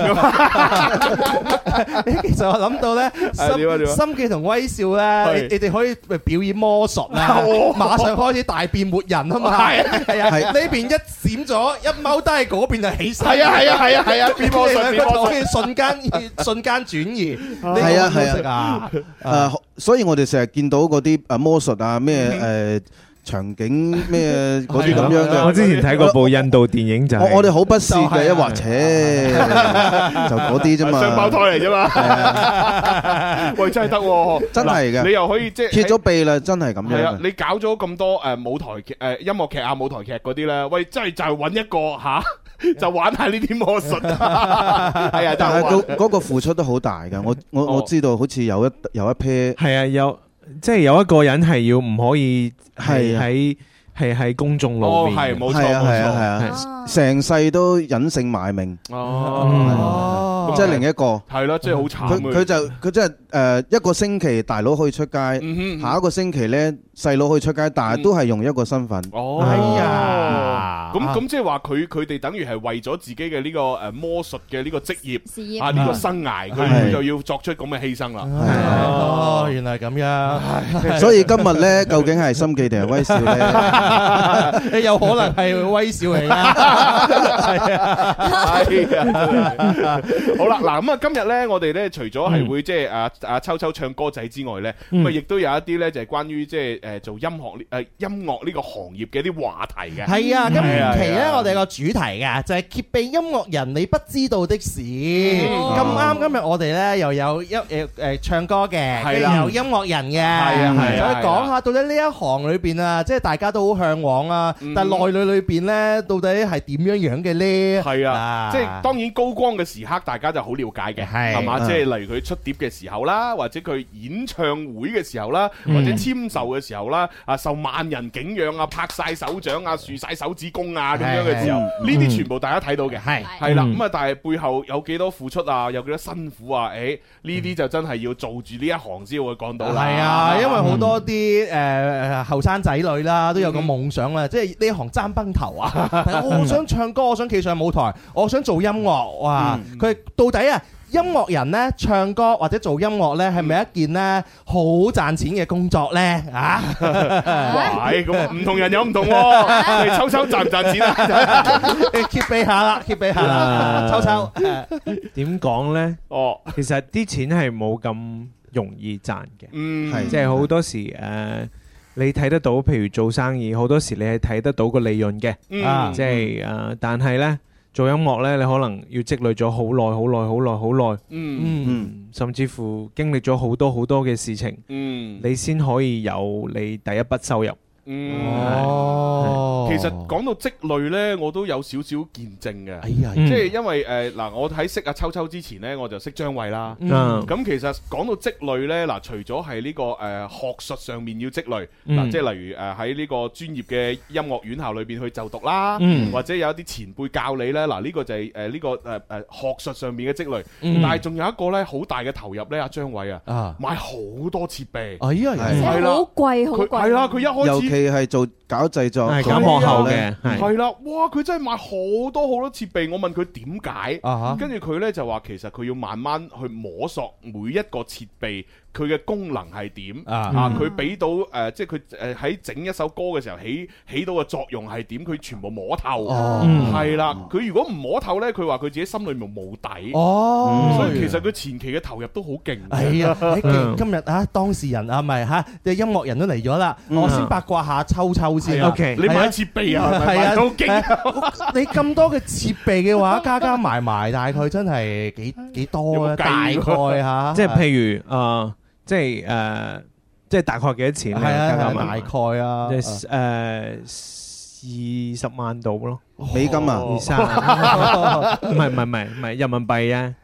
E: 你
F: 其實我諗到咧，心心計同微笑咧，你你哋可以表演魔術啦，馬上開始大變活人啊嘛！係啊係啊係！呢邊一閃咗一踎低，嗰邊就起身。係啊係啊係啊係啊！變魔術可以瞬間瞬間轉移。係啊係啊！
C: 誒，所以我哋成日見到嗰啲誒魔術啊，咩誒？場景咩
F: 嗰啲咁樣
E: 嘅，我之前睇過部
C: 印度電影就
E: 係我哋好不屑嘅，一或
C: 者
A: 就嗰啲啫嘛，雙胞胎
E: 嚟啫嘛，喂，真係得真係嘅，你又可以即係揭咗
C: 鼻啦，真係咁樣。係啊，
E: 你搞咗咁多誒舞台劇、誒音樂劇啊、舞台劇嗰啲咧，喂，真係就揾一個吓，就玩下呢啲魔術。係啊，但係
C: 嗰個付出都好大嘅，我我我知道好似有一有一批係啊有。即係有一個人係要
A: 唔可以係喺係喺公眾露面，哦，係冇錯，係啊係啊，
C: 成世、啊啊啊啊、都隱姓埋名。
E: 哦。咁即係另一個，係咯，即係好
C: 慘。佢佢就佢即係誒一個星期大佬可以出街，下一個星期咧細佬可以出街，但係都係用一個身份。哦，係啊，咁咁
E: 即係話佢佢哋等於係為咗自己嘅呢個誒魔術嘅呢個職業啊呢個生涯，佢哋就要作出咁嘅犧牲啦。
F: 哦，原來係咁樣。所以今日咧，
C: 究竟係心計定係威少
F: 咧？有可能係威少嚟噶係啊，係啊。
E: 好啦，嗱咁啊，今日咧，我哋咧除咗係會即係啊阿秋秋唱歌仔之外咧，咁啊亦都有一啲咧就係關於即係誒做音樂誒音樂呢個行業嘅一啲話題嘅。係啊，今期咧我
F: 哋個主題嘅就係揭秘音樂人你不知道的事。咁啱今日我哋咧又有一誒誒唱歌嘅，係啦有音樂人嘅，係係啊咁去講下到底呢一行裏邊啊，即係大家都好向往啊，但係內裏裏邊咧到底係點樣樣嘅咧？係啊，即係當
E: 然高光嘅時刻，大家。就好了解嘅，係嘛？即係例如佢出碟嘅時候啦，或者佢演唱會嘅時候啦，或者簽售嘅時候啦，啊，受萬人景仰啊，拍晒手掌啊，豎晒手指公啊，咁樣嘅時候，呢啲全部大家睇到嘅，係係啦。咁啊，但係背後有幾多付出啊，有幾多辛苦啊？誒，呢啲就真係要做住呢一行先會講到啦。係啊，因為
F: 好多啲誒後生仔女啦，都有個夢想啊，即係呢一行爭崩頭啊！我好想唱歌，我想企上舞台，我想做音樂。哇，佢。到底啊，音樂人呢，唱歌或者做音樂呢，係咪一件呢好賺錢嘅工作呢？啊？咁唔 同人有唔同，你秋秋賺唔賺錢啊？keep 備 下啦，keep 備下啦，秋秋
A: 誒點講呢？哦，其實啲錢係冇咁容易賺嘅，嗯，即係好多時誒、呃，你睇得到，譬如做生意，好多時你係睇得到個利潤嘅，嗯，即係但係呢。做音樂咧，你可能要積累咗好耐、好耐、好耐、好耐，mm. 嗯，甚至乎經歷咗好多好多嘅事情，mm. 你先可以有你第一筆收入。
E: 嗯，哦，其實講到積累呢，我都有少少見證嘅，哎呀，即係因為誒嗱，我喺識阿秋秋之前呢，我就識張偉啦。咁其實講到積累呢，嗱，除咗係呢個誒學術上面要積累，嗱，即係例如誒喺呢個專業嘅音樂院校裏邊去就讀啦，或者有啲前輩教你呢，嗱，呢個就係誒呢個誒誒學術上面嘅積累。但係仲有一個呢，好大嘅投入呢，阿張偉啊，買好多設備，係啦，好
B: 貴，好貴，係啦，佢一
E: 開始。你
C: 係做搞製作、搞幕後嘅，係
E: 啦，哇！佢真係買好多好多設備，的我問佢點解，啊、哈跟住佢呢就話其實佢要慢慢去摸索每一個設備。佢嘅功能係點啊？佢俾到誒，即係佢誒喺整一首歌嘅時候起起到嘅作用係點？佢全部摸透，係啦。佢如果唔摸透咧，佢話佢自己心裏面冇底。哦，所以其實佢前期嘅投入都好勁。係
F: 啊，今日啊，當事人係咪嚇？即係音樂人都嚟咗啦，我先八卦下抽抽先。O K，你買設備啊？係啊，好勁。你咁多嘅設備嘅話，加加埋埋，大概真係幾幾多大概嚇，即係譬
A: 如啊。即係誒，即係大概幾多錢咧？大概啊，誒二十萬到咯，美金啊，二三萬唔係唔係唔係，人民幣啊，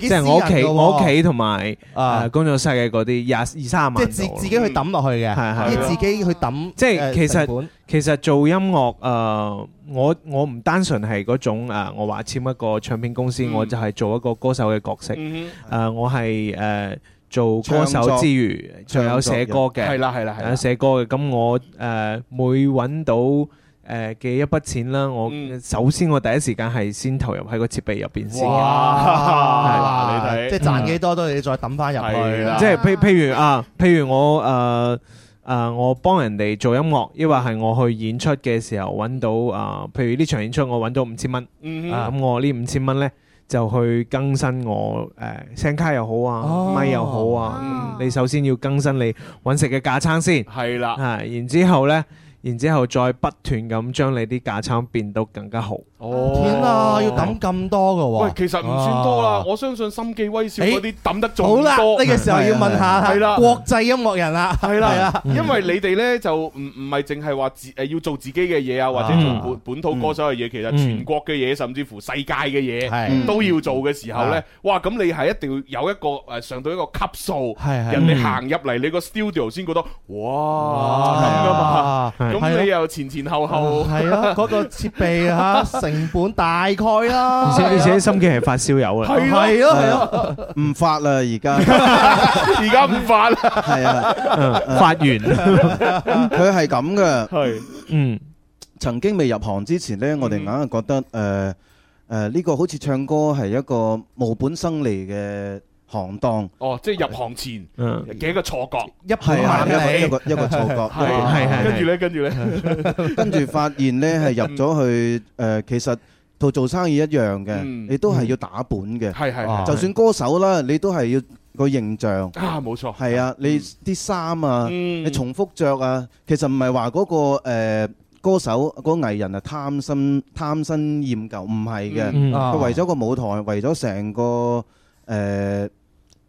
A: 即係我屋企，我屋企同埋啊工作室嘅嗰啲廿二三萬。即係自自己去抌落去嘅，啲自
F: 己去抌。即係其實
A: 其實做音樂誒，我我唔單純係嗰種誒，我話簽一個唱片公司，我就係做一個歌手嘅角色。誒，我係誒。做歌手之餘，仲作有寫歌嘅，係啦係啦，有寫歌嘅。咁我誒、呃、每揾到誒嘅一筆錢啦，嗯、我首先我第一時間係先投入喺個設備入邊先。哇！即係賺幾
F: 多都你再抌翻入去。即
A: 係譬譬如啊，譬如我誒誒、啊啊，我幫人哋做音樂，抑或係我去演出嘅時候揾到啊，譬如呢場演出我揾到五千蚊，咁、嗯啊、我呢五千蚊咧。啊就去更新我誒、呃、聲卡又好啊，麥又好啊，哦。嗯、你首先要更新你揾食嘅架撐先，係啦的。係、啊，然之後咧，然之後再不斷咁將你啲架撐變到更加好。
F: 哦，天啊，要抌咁多㗎喎！喂，其實唔算多啦，
E: 我相信心機微笑嗰啲抌得仲多。好啦，呢個時候要問下，係啦，國
F: 際音樂人啦，係啦，因
E: 為你哋咧就唔唔係淨係話自誒要做自己嘅嘢啊，或者做本本土歌手嘅嘢，其實全國嘅嘢，甚至乎世界嘅嘢都要做嘅時候咧，哇！咁你係一定要有一個誒上到一個級數，係係，人哋行入嚟你個 studio 先覺得哇咁㗎嘛，咁你又前前後後，係啊，嗰個設備啊，
F: 成本大概啦，寫寫
A: 心機係發燒友啊，係咯，
F: 唔
A: 發
C: 啦而家，
E: 而家唔發啦，
C: 係啊，發完，佢係咁㗎，係，嗯，曾經未入行之前咧，我哋硬係覺得，誒誒呢個好似唱歌係一個無本生利嘅行當
E: 哦，即係入行前幾個錯覺，一係一個一個一個錯覺，跟住咧，跟住咧，跟住發
C: 現咧，係入咗去誒，其實同做生意一樣嘅，你都係要打本嘅。係係，就算歌手啦，你都係要個形象啊，冇錯。係啊，你啲衫啊，你重複着啊，其實唔係話嗰個歌手嗰個藝人啊貪新貪新厭舊，唔係嘅，佢為咗個舞台，為咗成個誒。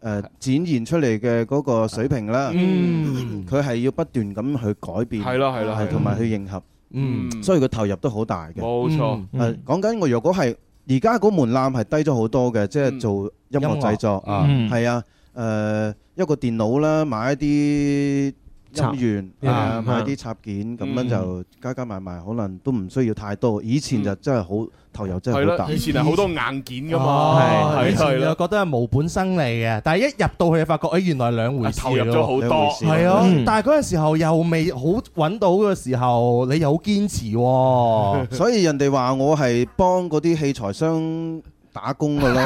C: 誒、呃、展現出嚟嘅嗰個水平啦，佢係的、嗯、要不斷咁去改變，係咯係咯，同埋去迎合，嗯、所以佢投入都好大嘅。冇錯，誒講緊我若果係而家嗰門檻係低咗好多嘅，即係做音樂製作樂的啊，係啊，誒、呃、一個電腦啦，買一啲。嗯、插件，買啲插件，咁樣就加加埋埋，可能都唔需要太多。以前就真係好、
E: 嗯、
F: 投入真，真係好大。以前係好多
E: 硬件噶嘛，
F: 以前又、哦、覺得係無本生利嘅，但係一入到去就發覺，哎，原來兩回事，投入咗好多，係啊！嗯、但係嗰陣時候又未好揾到嘅時候，你又好堅持喎。所以人哋話我係
C: 幫嗰啲器材商打工噶咯，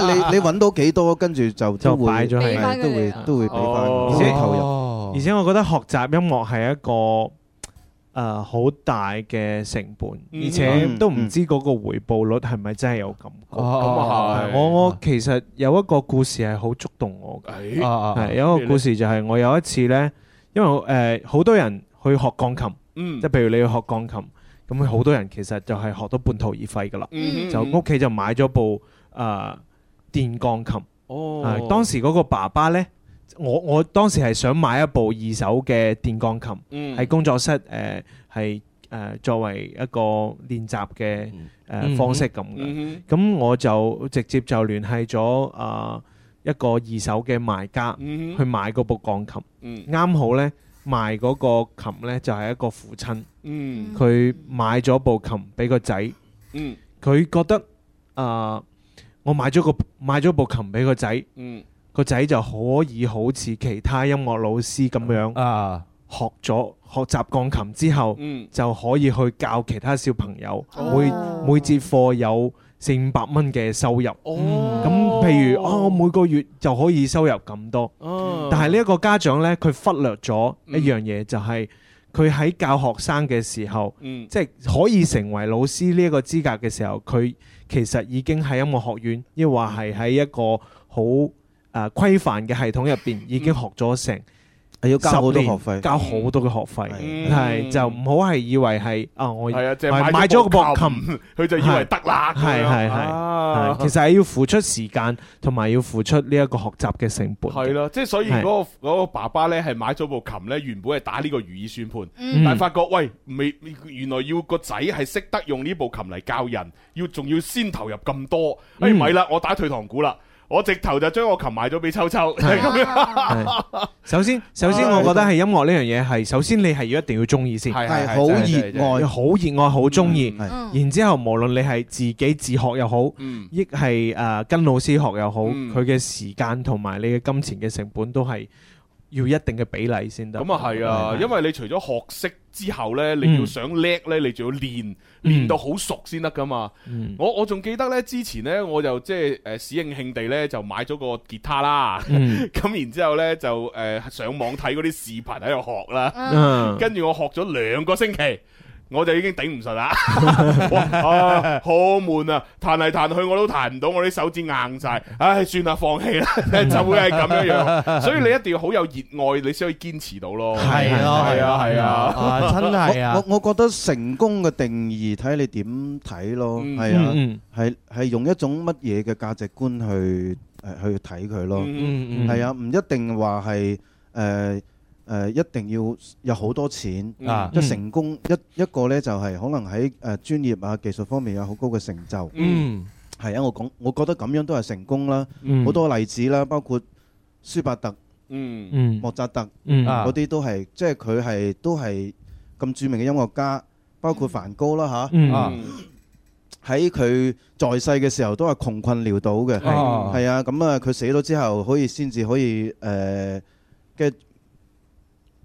C: 因為你你揾到幾多，跟住就就會都會、啊、都會俾翻，而且、哦、投入。而且我覺得學
A: 習音樂係一個誒好、呃、大嘅成本，嗯、而且都唔知嗰個回報率係咪真係有咁高。咁、嗯啊、我我其實有一個故事係好觸動我
G: 嘅，係、啊、有一個故事
A: 就係我有一次呢，因為誒好、呃、多人去學鋼琴，即係譬如你去學鋼琴。咁佢好多人其實就係學到半途而廢噶啦，mm hmm. 就屋企就買咗部誒、呃、電鋼琴。哦、
G: oh. 呃，當時
A: 嗰個爸爸呢，我我當時係想買一部二手嘅電鋼琴，喺、mm hmm. 工作室誒係誒作為一個練習嘅誒、呃、方式咁嘅。咁、mm hmm. mm hmm. 我就直接就聯繫咗啊一個二手嘅賣家、mm hmm. 去買嗰部鋼琴。啱、mm hmm. 好呢。賣嗰個琴呢，就係、是、一個父親。嗯，佢買咗部琴俾個仔。嗯，佢覺得啊、呃，我買咗個買咗部琴俾個仔。嗯，個仔就可以好似其他音樂老師咁樣啊，學咗學習鋼琴之後，嗯、就可以去教其他小朋友。每、啊、每節課有四五百蚊嘅收入，咁、哦嗯、譬如啊，我、哦、每個月就可以收入咁多。哦、但係呢一個家長呢，佢忽略咗一樣嘢，嗯、就係佢喺教學生嘅時候，即係、嗯、可以成為老師呢一個資格嘅時候，佢其實已經喺一個學院，亦或係喺一個好誒、呃、規範嘅系統入邊已經學咗成。嗯嗯係要交好多學費，交好年多嘅學費，係、嗯、就唔好係以為係啊！我係啊，即、就是，買咗個琴，
E: 佢 就以為得啦，
A: 係係係。其實係要付出時間，同埋要付出呢一個學習嘅成本。係
E: 咯、啊，即係所以嗰、那個、啊、個爸爸咧，係買咗部琴咧，原本係打呢個如意算盤，嗯、但係發覺喂未，原來要個仔係識得用呢部琴嚟教人，要仲要先投入咁多，哎咪啦，我打退堂鼓啦。我直頭就將我琴埋咗俾秋秋是
A: 首先，首先我覺得係音樂呢樣嘢係，首先你係要一定要中意先，係好熱愛，好熱愛，好中意。嗯、然之後無論你係自己自學又好，亦係誒跟老師學又好，佢嘅、嗯、時間同埋你嘅金錢嘅成本都係。要一定嘅比例先得。咁啊，係啊， 因
E: 為你除咗學識之後呢，嗯、你要想叻呢，你仲要練，練到好熟先得噶嘛。嗯、我我仲記得呢，之前呢，我就即係誒死硬興地呢，就買咗個吉他啦。咁、嗯、 然之後咧就誒上網睇嗰啲視頻喺度學啦。嗯、跟住我學咗兩個星期，我就已經頂唔順啦，好悶啊！彈嚟彈去我都彈唔到，我啲手指硬晒。唉、哎，算啦，放棄啦， 就會係咁樣樣。 所以你一定要好有熱愛，你先可以堅持到咯。的係咯，係啊，係啊，真係。我
C: 我覺得成功嘅定義睇你點睇咯，係啊、嗯，係係用一種乜嘢嘅價值觀去去睇佢咯，係啊、嗯，唔、嗯、一定話係誒。呃誒、呃、一定要有好多錢啊！即成功一一個呢就係、係、可能喺誒、呃、專業啊技術方面有好高嘅成就。嗯，係啊，我講，我覺得咁樣都係成功啦。好、嗯、多例子啦，包括舒伯特、嗯、莫扎特嗰啲都係，即係佢係都係咁著名嘅音樂家，包括梵高啦吓，啊！喺佢、嗯啊、 在，在世嘅時候都係窮困潦倒嘅，係啊，咁啊、yeah.，佢死咗之後可以先至可以誒嘅。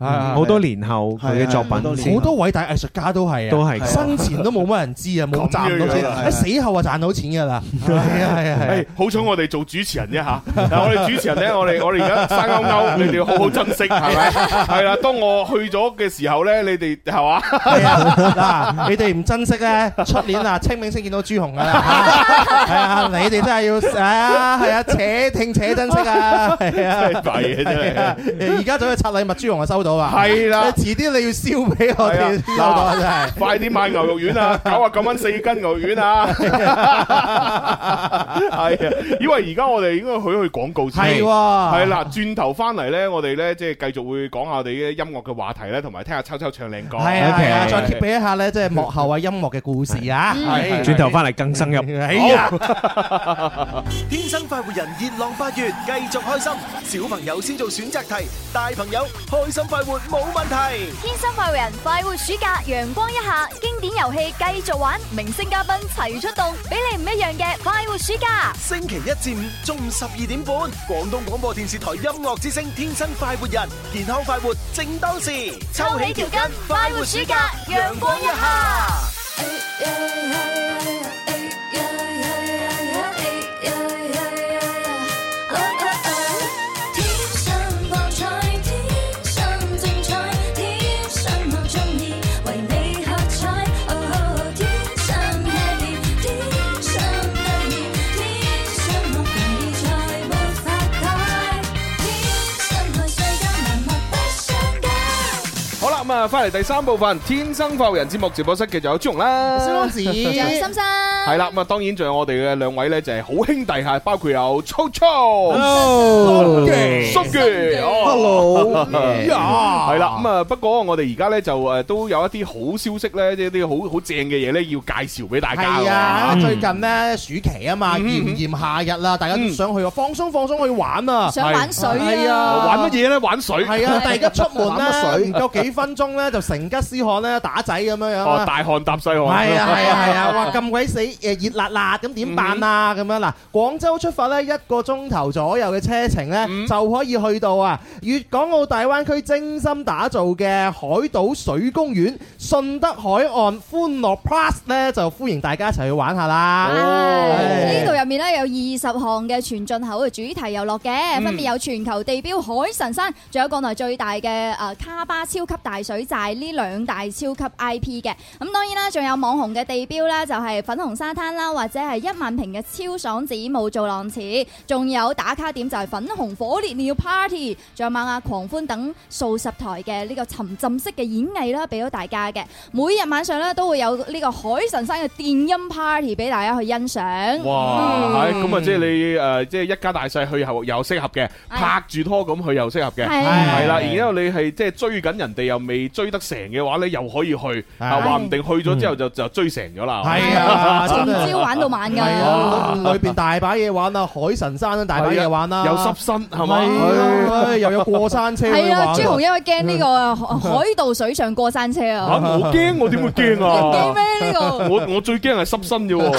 A: 好多年後佢嘅作品，好
F: 多偉大藝術家都係啊，都係生前都冇乜人知啊，冇賺到錢，死後啊賺到錢噶啦，係啊係啊係，
E: 好彩我哋做主持人啫吓，嗱，我哋主持人咧，我哋我哋而家生勾勾，你哋要好好珍惜係咪？係啦，當我去咗嘅時候咧，你哋係嘛？係啊，嗱，
F: 你哋唔珍惜咧，出年啊清明先見到朱紅噶啦，係啊，你哋真係要啊，係啊，且聽且珍惜啊，係啊，真係而家走去拆禮物，朱紅啊收到。係啦，遲啲你要燒俾我哋，快啲買牛肉丸啊！
E: 九啊九蚊四斤牛肉丸啊！係啊，因為而家我哋應該去去廣告先，係啦。轉頭翻嚟咧，我哋咧即係繼續會講下我哋嘅音樂嘅話題咧，同埋聽下秋秋唱靚歌。係啊，再揭俾一
F: 下咧，即係幕後啊音樂嘅故事啊。係，轉頭翻嚟更深入。好，
A: 天生快活人，熱浪八月繼續開心。小朋友先做選擇題，大朋友開心快。活冇問題，
B: 天生快活人，快活暑假，陽光一下，經典遊戲繼續玩，明星嘉賓齊出動，俾你唔一樣嘅快活暑假。星
A: 期一至五中午十二點半，廣東廣播電視台音樂之聲，天生快活人，
D: 健康快活正當時，抽起條筋，快活暑假，陽光一下。
E: 啊，翻嚟第三部分《天生化人》節目直播室嘅就有朱紅啦、孫公子、李心生，係啦。咁啊，當然仲有我哋嘅兩位咧，就係好兄弟吓，包括有秋秋、蘇杰、蘇杰。Hello，係啦。咁啊，不過我哋而家咧就誒，都有一啲好消息咧，一啲好好正嘅嘢咧，要介紹俾大家。係啊，最
F: 近咧暑期啊嘛，炎炎夏日啦，大家都想去啊，放鬆放鬆去玩啊，想玩水啊，玩乜嘢咧？玩水係啊，大家出門咧，水唔夠幾分鐘。咧就成吉思汗咧打仔咁樣樣、哦，大汗
E: 搭細汗，係啊係啊係啊，啊，哇
F: 咁鬼死誒熱辣辣咁點辦啊咁、嗯、哼樣嗱，廣州出發咧一個鐘頭左右嘅車程呢，嗯、就可以去到啊粵港澳大灣區精心打造嘅海島水公園順德海岸歡樂 Plus 呢就歡迎大家一齊去玩下啦。呢度入
B: 面呢，有二十項嘅全進口嘅主題遊樂嘅，分別有全球地標海神山，仲、嗯、有國內最大嘅誒卡巴超級大水。就係呢兩大超級 I P 嘅，咁當然啦，仲有網紅嘅地標啦，就係粉紅沙灘啦，或者係一萬坪嘅超爽子母造浪池，仲有打卡點就係粉紅火烈鳥 Party，仲有猛啊狂歡等數十台嘅呢個沉浸式嘅演藝啦，俾到大家嘅。每日晚上呢，都會有呢個海神山嘅電音 Party 俾大家去欣賞。哇，咁啊、嗯哎，即、就、係、是、
E: 你誒，即、呃、係一家大細去又又適合嘅，拍住拖咁去又適合嘅，係啦、哎。然之後你係即係追緊人哋又未？追得成嘅話咧，又可以去啊！話唔定去咗之後就就追成咗啦。係啊，從朝玩
F: 到晚㗎。係啊，裏邊大把嘢玩啦，海神山啊，大把嘢玩啦，有濕身係咪？又有過山車。係啊，朱豪因
B: 為驚呢個海盜水上過山車啊。嚇！
F: 我驚我點會驚啊？驚咩呢
E: 個？我我最驚係濕身啫，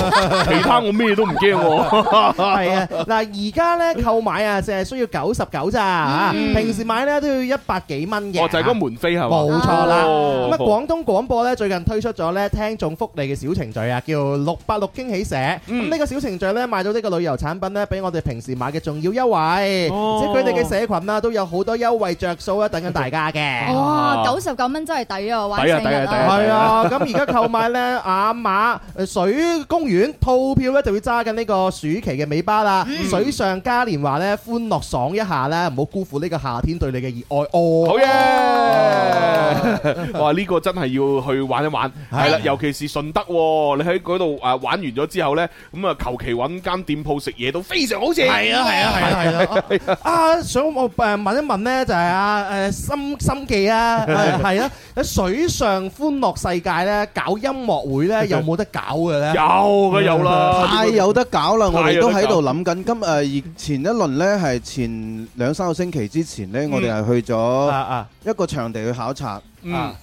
E: 其他我咩都唔驚。係啊，
F: 嗱而家咧購買啊，淨係需要九十九咋。平時買咧都要一百幾蚊嘅。哦，就係個門飛係嘛？錯啦！咁啊，廣東廣播咧最近推出咗咧聽眾福利嘅小程序啊，叫做六八六驚喜社。咁呢、嗯、個小程序咧買，到呢買個旅遊產品咧，比我哋平時買嘅仲要優惠。即係佢哋嘅社群啦、啊，都有好多優惠着數啊，等緊大家嘅。哇、哦，九
B: 十九蚊真係抵啊！抵啊，抵啊，抵係啊，咁而家購買
F: 咧亞 馬水公園套票咧，就要揸緊呢個暑期嘅尾巴啦！嗯、水上嘉年華咧，歡樂爽一下咧，唔好辜負呢個夏天對你嘅熱愛哦！好嘢、哦！
E: 話呢個真係要去玩一玩，係啦，尤其是順德，你喺嗰度誒玩完咗之後咧，咁啊求其揾間店鋪食嘢都非常好食，係啊係啊係啊，
F: 啊想我誒問一問咧，就係阿誒心心記啊，係啊喺水上歡樂世界咧搞音樂會咧，有冇得搞嘅咧？有噶有啦，太有得搞啦，我哋都喺度諗
C: 緊。今誒而前一輪咧，係前兩三個星期之前咧，我哋係去咗一個場地去考察。嗯。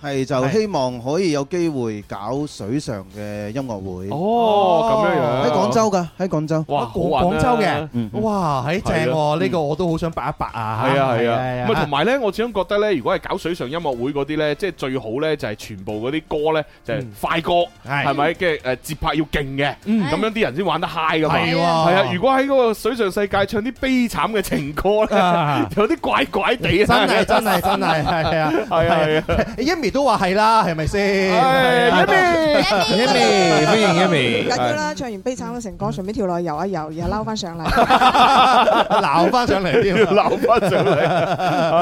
C: 係就希望可以有機會搞水上嘅音樂會。哦，咁樣樣喺廣州㗎，喺廣州。哇，
E: 廣州嘅，哇，
F: 喺正，呢個我都好想白一白啊。係啊係啊，咁同
E: 埋咧，我始終覺得咧，如果係搞水上音樂會嗰啲咧，即係最好咧，就係全部嗰啲歌咧，就係快歌，係咪？即係誒節拍要勁嘅，咁樣啲人先玩得嗨 i 㗎嘛。係啊，如果喺嗰個水上世界唱啲悲慘嘅情歌咧，有啲怪怪地啊。真係
F: 真係真係，係啊，係啊，一面。都話係啦，係咪先？Amy，Amy，歡
H: 迎 Amy。唔緊要啦，唱完悲慘嘅情歌，順便跳落去遊一遊，然後撈翻上嚟，
E: 撈翻上嚟添，撈翻上嚟，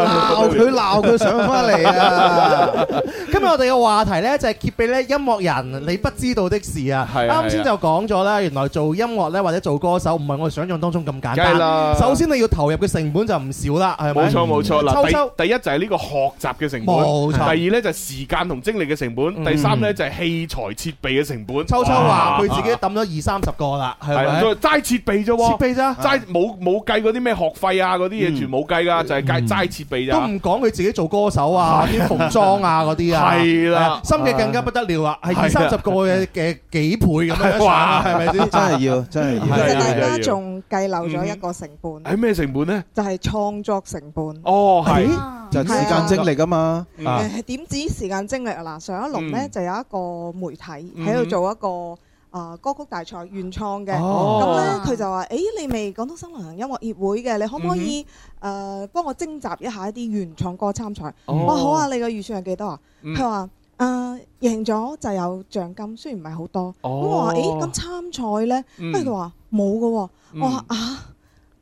E: 撈佢撈佢上翻嚟啊！
F: 今日我哋嘅話題咧就係揭秘咧音樂人你不知道的事啊！啱先就講咗啦，原來做音樂咧或者做歌手唔係我哋想象當中咁簡單。首先你要投入嘅成本就唔少啦，係咪？冇錯冇錯啦。秋秋，
E: 第一就係呢個學習嘅成本。冇錯。第二咧就係，時間同精力嘅成本，第三咧就係器材設備嘅成本。秋秋話佢自己
F: 抌咗二三十個啦，係咪？齋設備啫
E: 喎，設備啫，齋冇冇計嗰啲咩學費啊嗰啲嘢，全冇計㗎，就係計齋設備咋。都唔
F: 講佢自己做歌手啊，啲服裝啊嗰啲啊。係啦，心機更加不得了啦，係
H: 二三十個嘅嘅幾倍咁樣啩，係咪先？真係要，真係。咁大家仲計漏咗一個成本。
E: 係咩成本咧？
H: 就係創作成本。哦，係，
C: 就係時間精力㗎嘛。誒
H: 點止？時間精力嗱，上一輪咧就有一個媒體喺度做一個啊歌曲大賽原創嘅，咁咧佢就話，誒，你未廣東新聞音樂協會嘅，你可唔可以誒幫我徵集一下一啲原創歌參賽？哇，好啊！你個預算係幾多啊？佢話誒贏咗就有獎金，雖然唔係好多。我話，誒，咁參賽咧？跟住佢話冇㗎。我話啊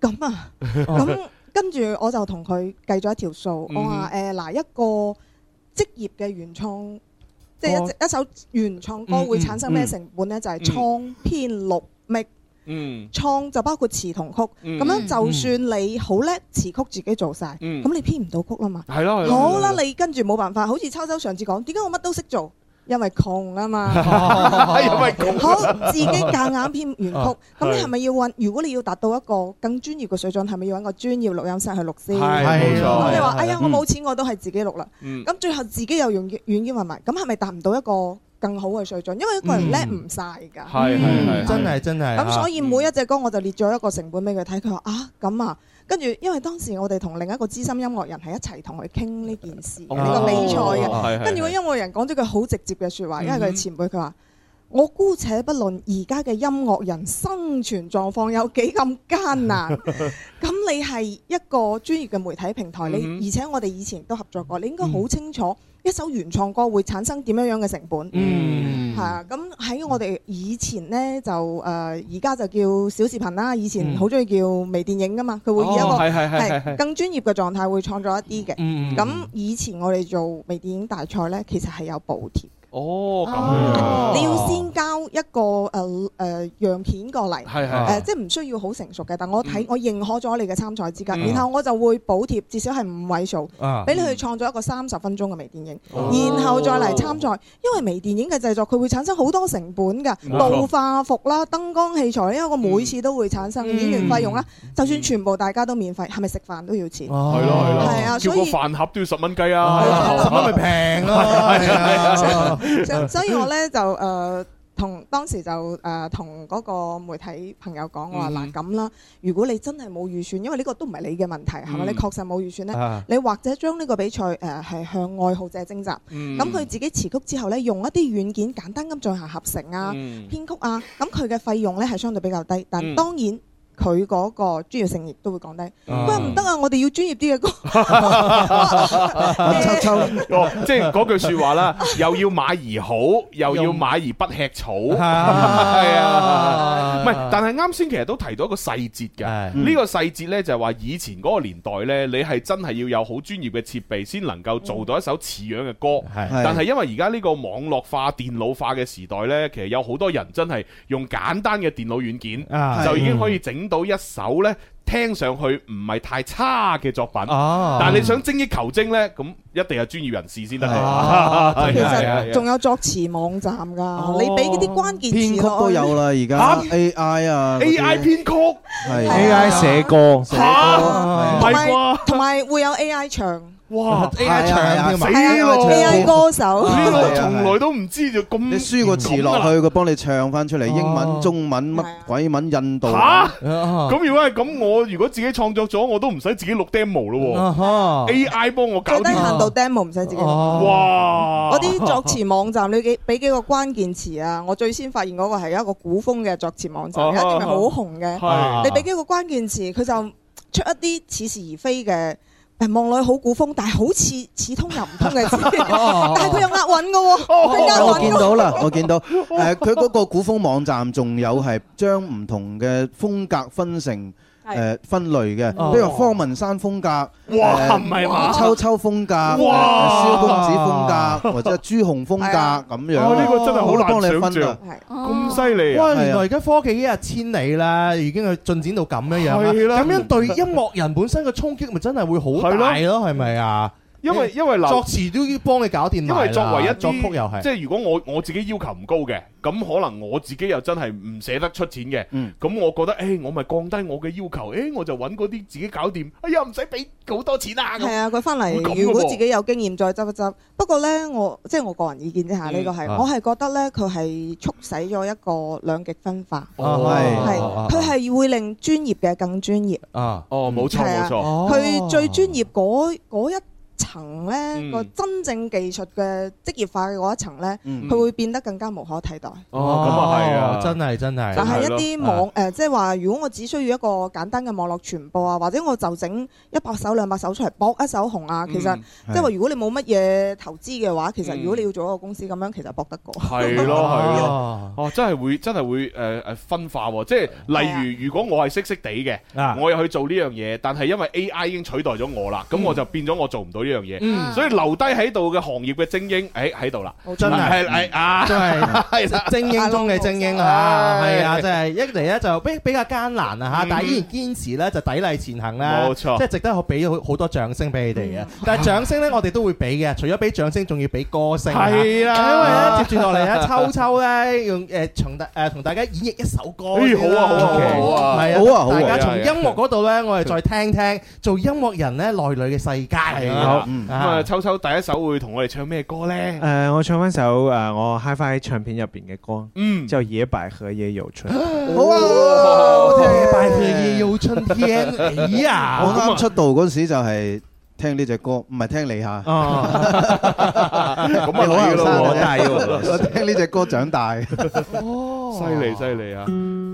G: 咁啊，咁
H: 跟住我就同佢計咗一條數。我話誒嗱一個。職業嘅原創，即係一我一首原創歌會產生咩成本呢？嗯嗯、就係創編錄咪，嗯、創就包括詞同曲。咁、嗯、樣就算你好叻，詞曲自己做晒，咁、嗯、你編唔到曲啊嘛。係咯，好啦，你跟住冇辦法。好似秋秋上次講，點解我乜都識做？因為窮啊嘛，好自己夾硬編完曲，咁你係咪要揾？如果你要達到一個更專業嘅水準，係咪要揾個專業錄音室去錄先？係係冇錯。咁你話：哎呀，我冇錢，我都係自己錄啦。咁最後自己又用軟件混埋。咁係咪達唔到一個更好嘅水準？因為一個人叻唔晒㗎。係真係
F: 真係。咁所以
H: 每一隻歌，我就列咗一個成本俾佢睇。佢話：啊，咁啊。跟住，因為當時我哋同另一個資深音樂人係一齊同佢傾呢件事，呢個比賽嘅。Oh, oh, oh, oh. 跟住個音樂人講咗句好直接嘅説話，因為佢係前輩，佢話：我姑且不論而家嘅音樂人生存狀況有幾咁艱難，咁、 嗯、你係一個專業嘅媒體平台，mm hmm. 你而且我哋以前都合作過，你應該好清楚一首原創歌會產生點樣樣嘅成本。Mm hmm. 係、嗯、啊，咁喺我哋以前咧就誒，而、呃、家就叫小視頻啦。以前好鍾意叫微電影㗎嘛，佢會以一個係係係係更專業嘅狀態會創作一啲嘅。咁、嗯嗯嗯、以前我哋做微電影大賽咧，其實係有補貼。哦，你要先交一個誒誒樣片過嚟，即係唔需要好成熟嘅。但我睇我認可咗你嘅參賽資格，然後我就會補貼至少係五位數，俾你去創作一個三十分鐘嘅微電影，然後再嚟參賽。因為微電影嘅製作佢會產生好多成本㗎，道化服啦、燈光器材，因為我每次都會產生演員費用啦。就算全部大家都免費，係咪食飯都要錢？係啊，係咯，
E: 叫個飯盒都要十蚊雞啊，咁咪平咯。 所以，所以我咧
H: 就誒、呃、同當時就誒、呃、同嗰個媒體朋友講，我話嗱咁啦，如果你真係冇預算，因為呢個都唔係你嘅問題，係咪、嗯？你確實冇預算呢？啊、你或者將呢個比賽誒係、呃、向愛好者徵集。咁佢、嗯、自己詞曲之後呢，用一啲軟件簡單咁進行合成啊、嗯、編曲啊，咁佢嘅費用呢係相對比較低，但當然，嗯佢嗰個專業性亦都會降低。喂，唔得啊！我哋要專業啲嘅歌。哦，
E: 即係嗰句說話啦，又要馬兒好，又要馬兒不吃草。係用 啊，唔係、啊啊啊啊，但係啱先其實都提到一個細節嘅。呢、啊嗯、個細節咧就係話以前嗰個年代咧，你係真係要有好專業嘅設備先能夠做到一首似樣嘅歌。係、啊。啊啊、但係因為而家呢個網絡化、電腦化嘅時代咧，其實有好多人真係用簡單嘅電腦軟件，就已經可以整。到一首呢，聽上去唔係太差嘅作品，但係你想精益求精呢，咁一定係專業人士先得。其實仲
H: 有作詞網站噶，你俾啲關鍵詞咯，編曲都有啦，
C: 而家 AI 啊，AI 編曲係 AI 寫歌，
H: 同埋會有 AI 唱。哇！A I 唱添 a I 歌手，從來都唔知就咁。你
C: 輸個詞落去，佢幫你唱翻出嚟，英文、中文乜鬼文、印度啊！
E: 咁如果係咁，我如果自己創作咗，我都唔使自己錄 demo 咯
H: A I 幫我搞低限度 demo，唔使自己。哇！嗰啲作詞網站，你幾俾幾個關鍵詞啊？我最先發現嗰個係一個古風嘅作詞網站，而家仲係好紅嘅。你俾幾個關鍵詞，佢就出一啲似是而非嘅。誒，望落去好古風，但係好似似通又唔通嘅， 但係佢有押韻嘅喎， 佢押韻。我見到啦，我見
C: 到。誒、 呃，佢嗰個古風網站仲有係將唔同嘅風格分成。誒、呃，分類嘅，比如方文山風格，呃、哇，唔係嘛，秋秋
F: 風格，呃、哇，蕭公子風格，或者朱紅風格咁、哎、呀樣。呢個真係好難幫你分，咁犀利。哇，原來而家科技一日千里啦，已經係進展到咁樣樣。係啦的，咁樣對音樂人本身嘅衝擊，咪真係會好大咯，係咪啊？因為因為作詞都要幫你搞掂，因為作為一作曲又係，即係
E: 如果我我自己要求唔高嘅，咁可能我自己又真係唔捨得出錢嘅，咁我覺得誒，我咪降低我嘅要求，誒，我就揾嗰啲自己搞掂，哎呀，唔使俾好多錢啊，係啊，佢翻嚟如果自
H: 己有經驗再執一執，不過呢，我即係我個人意見之下，呢個係我係覺得呢，佢係促使咗一個兩極分化，係佢係會令專業嘅更專業，啊，哦，冇錯，冇錯，佢最專業嗰一。層咧個真正技術嘅職業化嘅嗰一層咧，佢會變得更加無可替代。哦，咁又係啊，真係真係。但係一啲網誒，即係話，如果我只需要一個簡單嘅網絡傳播啊，或者我就整一百首兩百首出嚟搏一首紅啊，其實即係話，如果你冇乜嘢投資嘅話，其實如果你要做一個公司咁樣，其實搏得過。係
E: 咯係咯，哦，真係會真係會誒誒分化喎。即係例如，如果我係識識地嘅，我又去做呢樣嘢，但係因為 AI 已經取代咗我啦，咁我就變咗我做唔到。呢樣嘢，所以留低喺度嘅行業嘅精英，誒喺度啦，真係係係啊，真係
F: 精英中嘅精英啊，係啊，即係一嚟咧就比比較艱難啊嚇，但係依然堅持咧就砥礪前行啦！冇錯，即係值得我俾好好多掌聲俾你哋嘅。但係掌聲咧，我哋都會俾嘅，除咗俾掌聲，仲要俾歌聲。係啦，因為咧接住落嚟啊，秋秋咧用誒從誒同大家演繹一首歌，好啊好啊好啊，係啊好啊好啊，大家從音樂嗰度咧，我哋再聽聽做音樂人咧內裏嘅世界啊。
E: 咁啊，抽抽第一首會同我哋唱咩歌咧？
A: 誒、呃，我唱翻首誒，我 HiFi 唱片
C: 入邊嘅歌，嗯，就野百合也有春。
F: 野百合也有春天，春天你呀、啊！我啱
C: 出道嗰時就係聽呢隻歌，唔係
E: 聽你吓、啊。咁你好有心，我真係要 聽呢隻歌長大。哦， 犀利犀利啊！嗯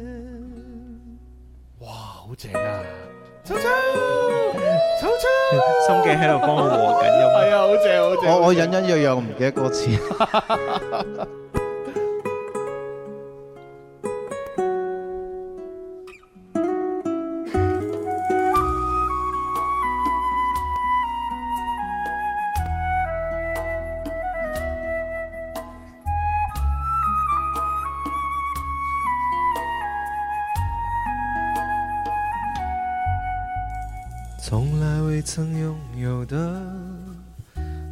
E: 哇，好正啊！
I: 秋秋，秋秋， 心鏡喺度幫我和緊音，係啊、 哎，好正好正。我棒
C: 我隱隱約約， 我唔記得歌詞。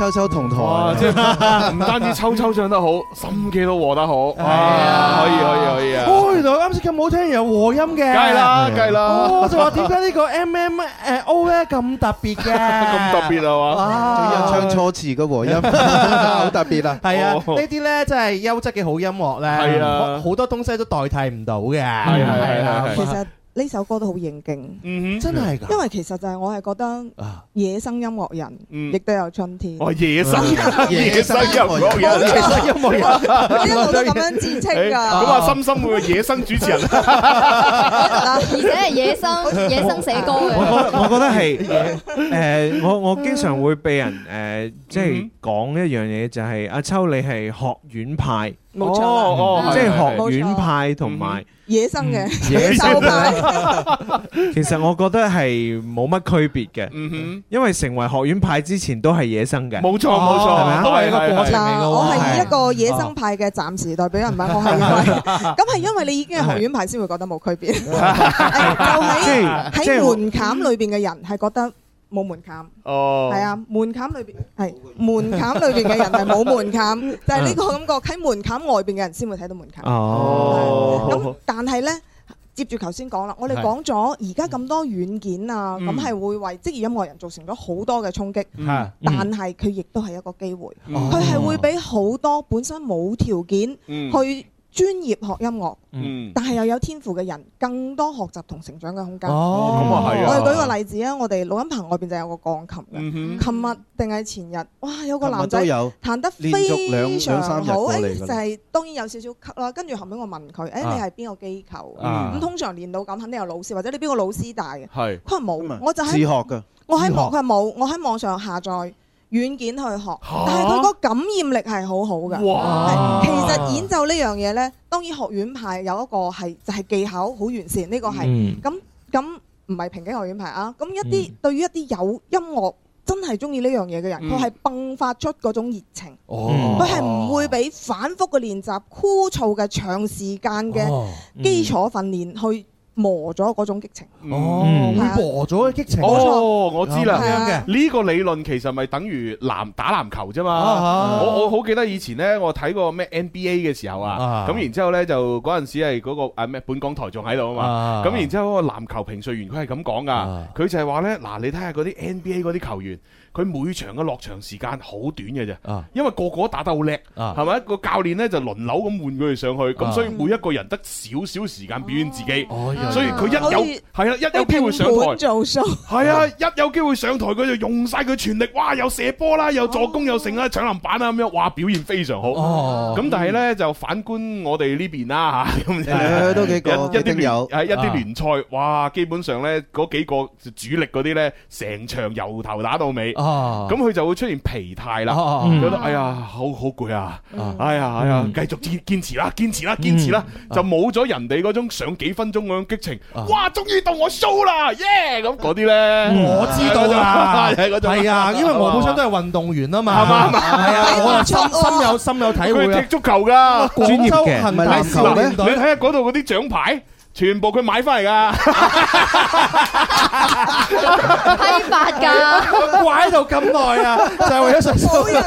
E: 秋秋同台，唔單止秋秋唱得好，心機都和得好，可以可以可以
F: 啊！原來啱先咁好聽，有和音嘅？梗係啦，梗係啦！我就話點解呢個 M M 誒 O 咧咁特別嘅？咁特別係嘛？哇！仲有唱初次嗰和音，好特別啊！係啊，呢啲
H: 咧真係優質嘅好音樂咧，
F: 好多東西都代替唔到嘅。
E: 係啊，其實。
H: 呢首歌都好應景，真係㗎。因為其實就係我係覺得野生音樂人亦都有春天。哦，野生野生音樂人，野生音樂人，我唔敢咁樣自稱㗎。咁啊，深深會係野生主持人，
B: 而且係野生野生寫歌
E: 嘅。我我覺得係
H: 誒，
A: 我我經常會被人誒即係講一樣嘢，就係阿秋你係學院派，冇錯，即係學院派同埋，
H: 野生嘅，野獸派。
A: 其實我覺得係冇乜區別嘅，因為成為學院派之前都係野生嘅，冇錯冇錯，都係一個過程。我
H: 係以一個野生派嘅暫時代表人物，係因為咁。係因為你已經係學院派先會覺得冇區別，就喺喺門檻裏邊嘅人係覺得。冇門檻，係、oh. 啊，門檻裏邊係門檻裏邊嘅人係冇門檻，就係、是、呢個感覺喺 門檻外邊嘅人先會睇到門檻。哦，咁但係呢，接住頭先講啦，我哋講咗而家咁多軟件啊，咁係是會為職業音樂人造成咗好多嘅衝擊，mm. 但係佢亦都係一個機會，佢係、mm. 會俾好多本身冇條件去專業學音樂，但係又有天賦嘅人，更多學習同成長嘅空間。哦，咁啊係啊！我哋舉個例子啊，我哋錄音棚外邊就有個鋼琴嘅。琴日定係前日，哇！有個男仔彈得非常好，誒就係當然有少少級啦。跟住後尾我問佢，誒你係邊個機構？咁通常練到咁，肯定有老師或者你邊個老師帶嘅。係。佢話冇，我就係自學㗎，我喺網佢話冇，我喺網上下載。軟件去學，但係佢個感染力係好好嘅哇。其實演奏呢樣嘢呢，當然學院派有一個係就係、是、技巧好完善，呢、這個係。咁咁唔係平級學院派啊。咁一啲、嗯、對於一啲有音樂真係中意呢樣嘢嘅人，佢係迸發出嗰種熱情。佢係唔會俾反覆嘅練習、枯燥嘅長時間嘅基礎訓練去磨咗嗰種激情，哦，磨咗嘅激情。
E: 哦，我知啦，咁嘅呢個理論其實咪等於籃打籃球啫嘛。我我好記得以前呢，我睇過咩 NBA 嘅時候啊，咁然之後呢，就嗰陣時係嗰個啊咩本港台仲喺度啊嘛。咁然之後嗰個籃球評述員佢係咁講噶，佢就係話呢：「嗱你睇下嗰啲 NBA 嗰啲球員，佢每場嘅落場時間好短嘅啫，因為個個打得好叻，係咪個教練呢就輪流咁換佢哋上去，咁所以每一個人得少少時間表現自己。所以佢一有係啦，一有機會上台，係啊，一有機會上台，佢就用晒佢全力，哇！又射波啦，又助攻又成啦，搶籃板啊咁樣，哇！表現非常好。咁但係呢，就反觀我哋呢邊啦嚇，都幾個，一定有一啲聯賽，哇！基本上呢，嗰幾個主力嗰啲呢，成場由頭打到尾，咁佢就會出現疲態啦，覺得哎呀，好好攰啊，哎呀哎呀，繼續堅堅持啦，堅持啦，堅持啦，就冇咗人哋嗰種上幾分鐘咁樣。激情，哇！終於到我 show 啦，yeah！咁嗰啲咧，我知道啊，係啊，因為我本身都
F: 係運動員啊嘛，係嘛？我心心有心有體會踢足球噶，專業嘅，係咪籃球咧？你睇下嗰度嗰啲獎牌。
E: 全部佢買翻嚟噶，
G: 批發噶，
F: 佢掛喺度咁耐啊，就係為咗純收。冇人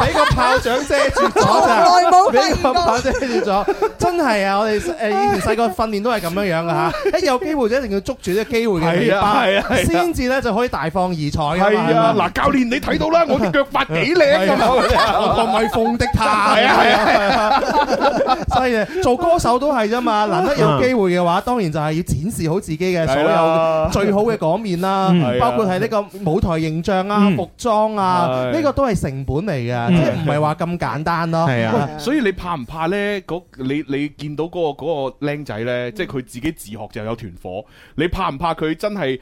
F: 俾 個炮仗遮住咗就，俾個炮仗遮住咗，真係啊！我哋誒以前細個訓練都係咁樣樣噶吓，一有機會就一定要捉住呢個機會嘅，係啊係啊，先至咧就可以大放異彩係啊，嗱，教練你睇到啦，我啲腳法幾靚咁是啊，我咪鳳的太係 是啊係 是啊，犀利！所以做歌手。我都係啫嘛，難得有機會嘅話，當然就係要展示好自己嘅所有最好嘅港面啦， 嗯、包括係呢個舞台形象啊、嗯、服裝啊，呢、嗯、個都係成本嚟嘅，嗯、即係唔係話咁簡單咯、啊。嗯啊、
E: 所以你怕唔怕呢？你你見到嗰、嗰個嗰僆仔呢，即係佢自己自學就有團火，你怕唔怕佢真係？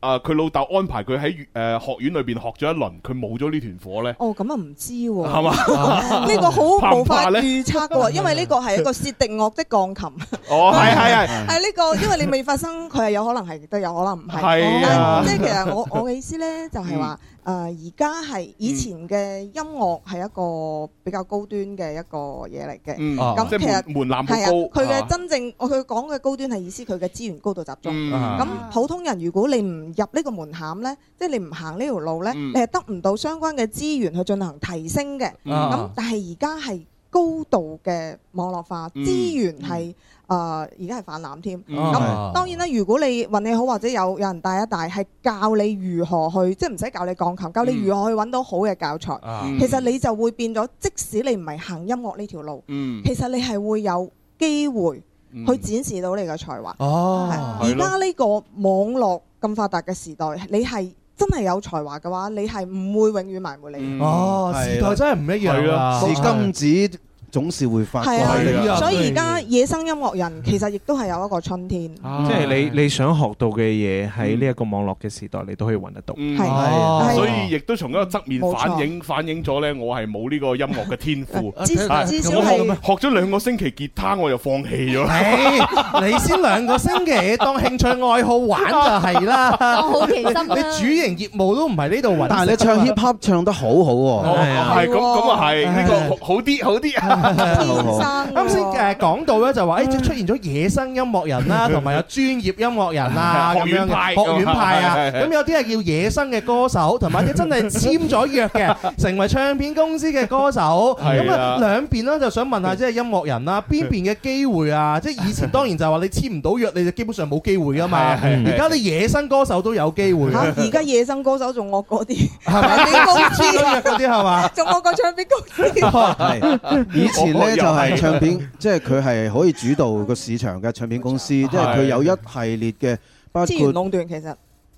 E: 啊！佢老豆安排佢喺誒學院裏邊學咗一輪，佢冇咗呢團火咧。哦，咁 啊唔
H: 知喎。係嘛？呢個好無法預測嘅，彭彭 因為呢個係一個薛定諤的鋼琴。哦，係係係。係呢 個，因為你未發生，佢係有可能係，都有可能唔係。係是啊。即係其實我我嘅意思咧，就係話。誒而家係以前嘅音樂係一個比較高端嘅一個嘢嚟嘅，咁其實門門檻好高，佢嘅真正我佢講嘅高端係意思佢嘅資源高度集中，咁普通人如果你唔入呢個門檻呢，即係你唔行呢條路呢，你係得唔到相關嘅資源去進行提升嘅，咁但係而家係高度嘅網絡化，資源係。誒而家係泛濫添，咁當然啦，如果你運氣好或者有有人帶一帶，係教你如何去，即係唔使教你鋼琴，教你如何去揾到好嘅教材。其實你就會變咗，即使你唔係行音樂呢條路，其實你係會有機會去展示到你嘅才華。哦，而家呢個網絡咁發達嘅時代，你係真係有才華嘅話，你係唔會永遠埋沒你。哦，時
C: 代真係唔一樣。是總是會發覺，
A: 所以而家
H: 野生音樂人其實亦都係有一個春天。即係你
A: 你想學到嘅嘢喺呢一個網絡嘅時代，你都可以揾得到。所以亦
E: 都從一個側面反映反映咗咧，我係冇呢個音樂嘅天賦。至少至少係學咗兩個星期吉他，我就放棄咗。
F: 你先兩個星期當興趣愛好玩就係啦。我好奇心，你主營業務都唔係呢度揾。但係你唱 hip
C: hop 唱得好好喎，係咁咁
F: 啊係呢個好啲好啲野生，啱先誒講到咧就話，誒即係出現咗野生音樂人啦，同埋有專業音樂人啦咁樣嘅學院派啊，咁有啲係叫野生嘅歌手，同埋有啲真係簽咗約嘅，成為唱片公司嘅歌手。咁啊兩邊咧就想問下，即係音樂人啦，邊邊嘅機會啊？即係以前當然就係話你簽唔到約，你就基本上冇機會㗎嘛。而家啲野生歌手都有機會。嚇！而
H: 家野生歌手仲惡過啲唱片公司嗰啲係嘛？仲惡過唱片公
C: 司。以前呢就係唱片，即係佢係可以主導個市場嘅唱片公司，即係佢有一系列嘅，包括資源壟斷其實，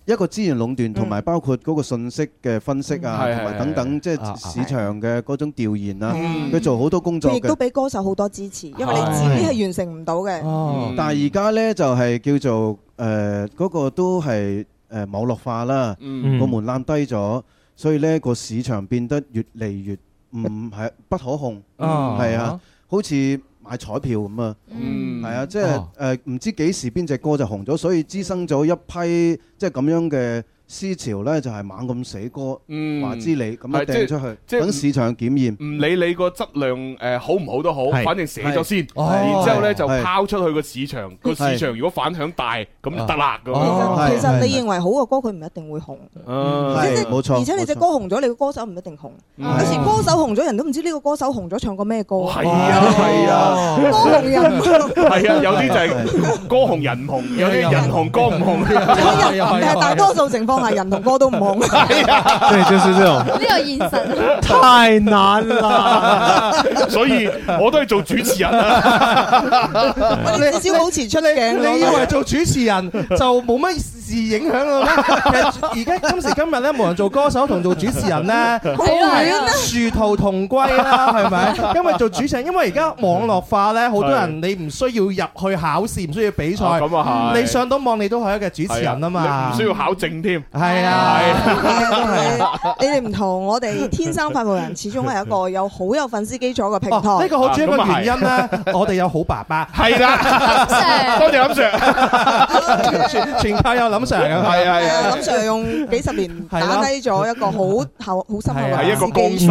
C: 一個資源壟斷同埋包括個信息嘅分析啊，同埋等等，即係市場嘅嗰種調研啊，佢做好多工作亦都
H: 俾歌手好多支持，因為你自己係完成唔到嘅。但係而
C: 家呢就係叫做誒個都係誒網絡化啦，個門檻低咗，所以呢個市場變得越嚟越。唔係不可控，啊啊，好似買彩票咁，嗯、啊，係、就是、啊，即係誒唔知幾時邊隻歌就紅咗，所以滋生咗一批即係咁樣嘅。思潮咧就係猛咁寫歌，話之你咁樣掟出去，等市場檢驗，
H: 唔理
E: 你個質量誒好唔好都好，反正寫咗先，然之後咧就拋出去個市場，個市場如果反響大咁就得啦。咁
H: 其實你認為好嘅歌，佢唔一定會紅。
E: 嗯，冇
H: 錯。而且你隻歌紅咗，你個歌手唔一定紅。有時歌手紅咗，人都唔知呢個歌手紅咗唱過咩歌。係啊係啊，歌紅人唔紅。係啊，有啲就係
E: 歌紅人唔紅，有啲人紅歌唔紅。
H: 係啊係啊，係大多數情況。係人同歌都唔好，哎
E: 呀， 係、就、啊、是，呢個現實 太難啦了， 所以我都係做， 做主持人。
F: 你少主持出嚟，嘅，你以為做主持人就冇乜？自影響到咧，其實而家今時今日咧，無人做歌手同做主持人咧，好難，殊途同歸啦，係咪？因為做主持人，因為而家網絡化咧，好多人你唔需要入去考試，唔需要比賽，你上到網你都係一個主持人啊嘛，唔需要考證添，係啊，你
H: 哋唔同我哋天生發夢人，始終係一個有好有粉絲基礎嘅平台。呢個好主要一個原因咧，
F: 我哋有好爸爸，係啦，
H: 多謝林 Sir，
F: 全靠有諗。林 Sir 啊，係啊，係啊！林 Sir 用
H: 幾十年打低咗一個好厚、好深厚嘅根基，穩穩基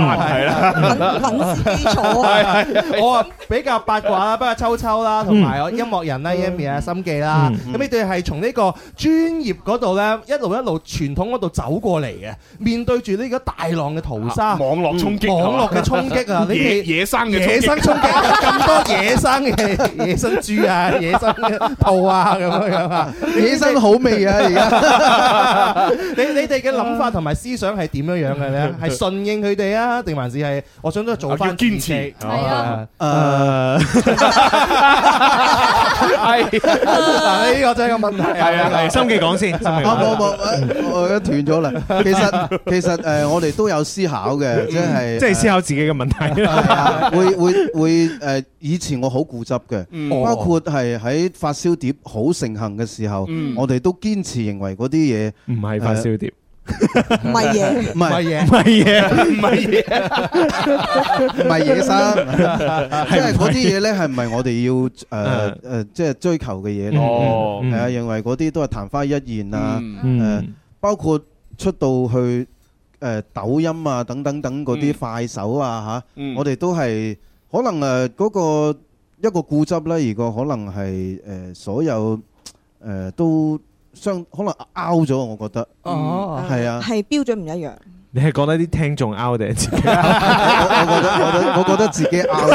H: 礎啊！我啊比較八卦啦，包括秋秋啦，同
G: 埋我
F: 音樂人啦 Amy 啊，心記啦，咁你哋係從呢個專業嗰度咧，一路一路傳統嗰度走過嚟嘅，面對住呢個大浪嘅淘沙，網絡衝擊，網絡嘅衝擊啊！呢野生嘅野生衝擊，咁多野生嘅野生豬啊，野生兔啊，咁樣樣啊，野生好味啊！係 啊！你你哋嘅諗法同埋思想係點樣樣嘅咧？係順應佢哋啊，定還是係我想都做翻堅持係啊！誒 嗱、啊，呢個真係個問題，係 啊！係、啊，心記講先，冇冇冇，
C: 我我一斷咗啦。其實其實誒、呃、我哋都有思考嘅，即係即係思考自己嘅問題。係 啊，會會會誒、啊、以前我好固執嘅，包括係喺發燒碟好盛行嘅時候，嗯、我哋都堅。似認為嗰啲嘢唔係發燒碟，唔係嘢，唔係嘢，唔係嘢，唔係嘢，
G: 唔係野生，即係嗰啲嘢
C: 咧，係唔係我哋要誒誒，即係追求嘅嘢咧？係啊，認為嗰啲都係曇花一現啊，誒、嗯啊，包括出到去誒、呃、抖音啊等等等嗰啲快手啊嚇，啊嗯、我哋都係可能誒、啊、嗰、那個一個固執咧，如果可能係誒所有誒、呃、都有。相可能 out 咗，我覺得。
A: 哦、嗯，係啊，係
H: 標準唔一樣。
C: 你係覺得啲聽眾 out 定係自己？ 我覺得我覺得我覺得自己 out。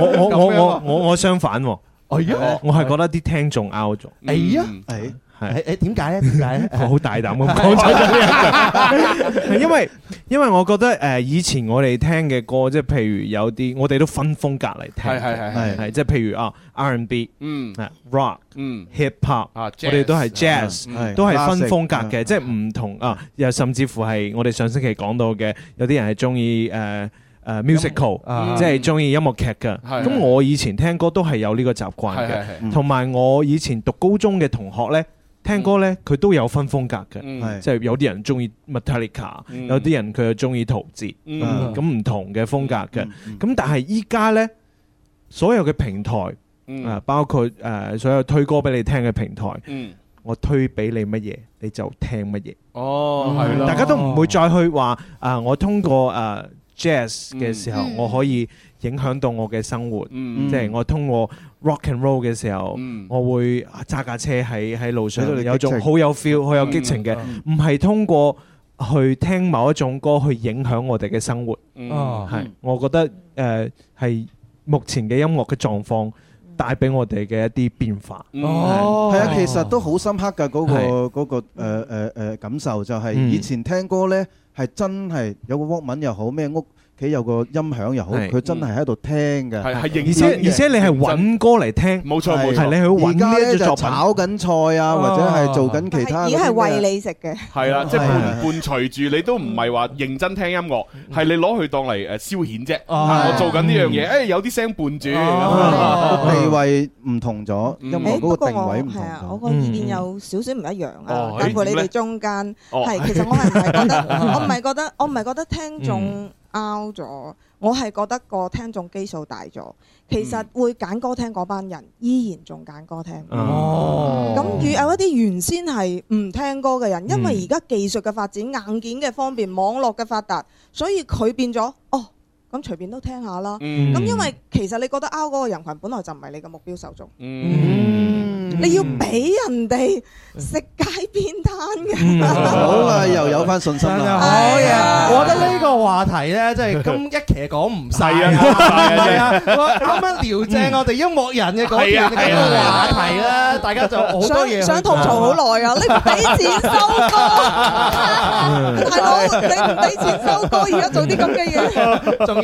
A: 我我我我我我相反喎。我我我係覺得啲聽眾 out 咗。哎呀，哎呀。哎誒
F: 誒點解咧？點解咧？
A: 我好大膽咁講出
F: 嚟，因
A: 為因為我覺得誒以前我哋聽嘅歌，即係譬如有啲我哋都分風格嚟聽，係係係係，即係譬如啊 R&B，嗯，Rock，Hip Hop，啊，我哋都係 Jazz，都係分風格嘅，即係唔同啊，又甚至乎係我哋上星期講到嘅，有啲人係中意誒誒 musical，即係中意音樂劇嘅。咁我以前聽歌都係有呢個習慣嘅，同埋我以前讀高中嘅同學咧。聽歌呢，佢都有分風格嘅，嗯、即係有啲人中意 Metallica、嗯、有啲人佢又中意陶喆，咁唔、嗯、同嘅風格嘅。咁、嗯、但係依家呢，所有嘅平台、嗯、啊，包括誒、呃、所有推歌俾你聽嘅平台，嗯、我推俾你乜嘢你就聽乜嘢。
E: 哦，係啦，大家都唔會
A: 再去話啊、呃，我通過誒、呃、Jazz 嘅時候、嗯、我可以，影響到我嘅生活，即係我通過 rock and roll 嘅時候，我會揸架車喺喺路上，有種好有 feel，好有激情嘅，唔係通過去聽某一種歌去影響我哋嘅生活。係，我覺得誒係目前嘅音樂嘅狀況帶俾我哋嘅一啲變化。係啊，其實
C: 都好深刻嘅嗰個嗰個誒誒誒感受，就係以前聽歌呢係真係有個 walkman 又好咩屋。佢有個音響又好，佢真係喺度聽嘅，而且而且你係
A: 揾歌嚟聽，冇錯冇錯。而家就炒
C: 緊菜啊，或者係做緊其他
H: 嘢，而係餵你食嘅。
E: 係啦，即係伴伴隨住你都唔係話認真聽音樂，係你攞去當嚟誒消遣啫。我做緊呢樣嘢，誒有啲聲伴住，
H: 地
C: 位唔同咗。誒不過我係啊，我個意見有
H: 少少唔一樣啊，包括你哋中間係，其實我係唔係覺得，我唔係覺得，我唔係覺得聽眾。out 咗，我係覺得個聽眾基數大咗。其實會揀歌聽嗰班人依然仲揀歌聽，咁遇、oh. 有一啲原先係唔聽歌嘅人，因為而家技術嘅發展、硬件嘅方便、網絡嘅發達，所以佢變咗哦。咁隨便都聽下啦，咁因為其實你覺得 out 嗰個人羣，本來就唔係你嘅目標受眾。嗯，你要俾人哋食街
C: 邊攤嘅，好啊，又有翻信心啦。好嘢，我覺得呢
F: 個話題咧，即係咁一期講唔細啊，係啊，啱啱聊正我哋音樂人嘅嗰啲話題啦，大家就好多嘢想吐槽好耐啊，你俾錢
H: 收歌，大佬你
F: 唔俾錢收歌，而家做啲咁嘅嘢。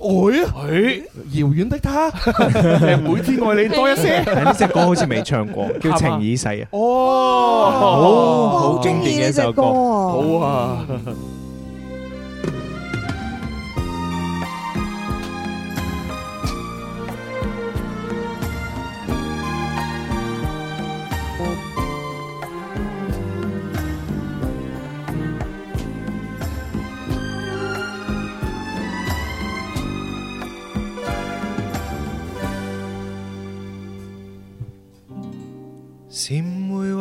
A: 會啊、哎，遙遠的她，每
E: 天愛你多一些。呢隻
A: 歌好似未唱過，叫《情已逝》、嗯、啊。哦，哦哦
G: 哦好經典嘅一首歌，哦、好啊。
D: 好啊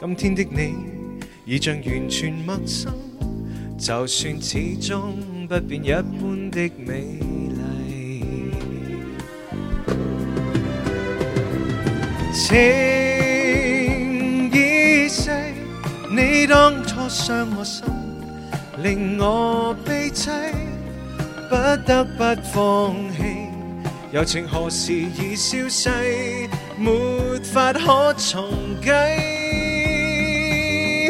I: 今天的你已像完全陌生，就算始終不變一般的美麗。 情已逝，你當初傷我心，令我悲悽，不得不放棄。
A: 友情何時已
I: 消逝，沒法可重計。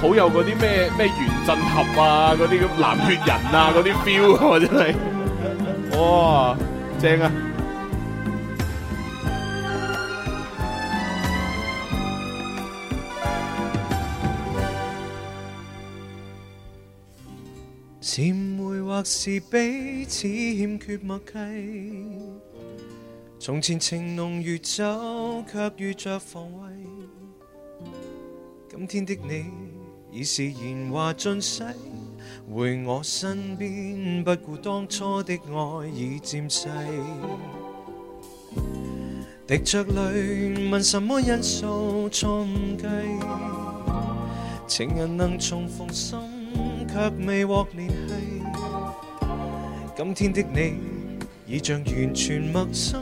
E: 好有嗰啲咩咩原振俠啊，嗰啲咁藍血人啊，嗰啲 feel 啊，真係，哇，正啊！
I: 馴梅或是彼此欠缺默契，從前情濃如酒，卻遇著防衞，今天的你。已是鉛華盡洗，回我身邊，不顧當初的愛已漸逝。 滴着淚問什麼因素錯誤計，情人能重逢心卻未獲聯繫。今天的你已像完全陌生，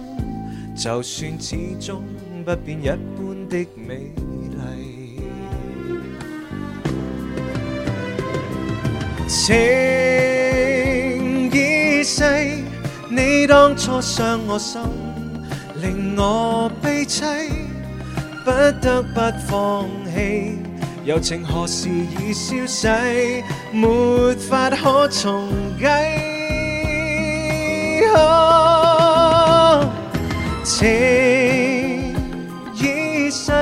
I: 就算始終不變一般的美麗。情已逝，你當初傷我心，令我悲淒，不得不放棄。柔情何時已消逝，沒法可重計。情已逝，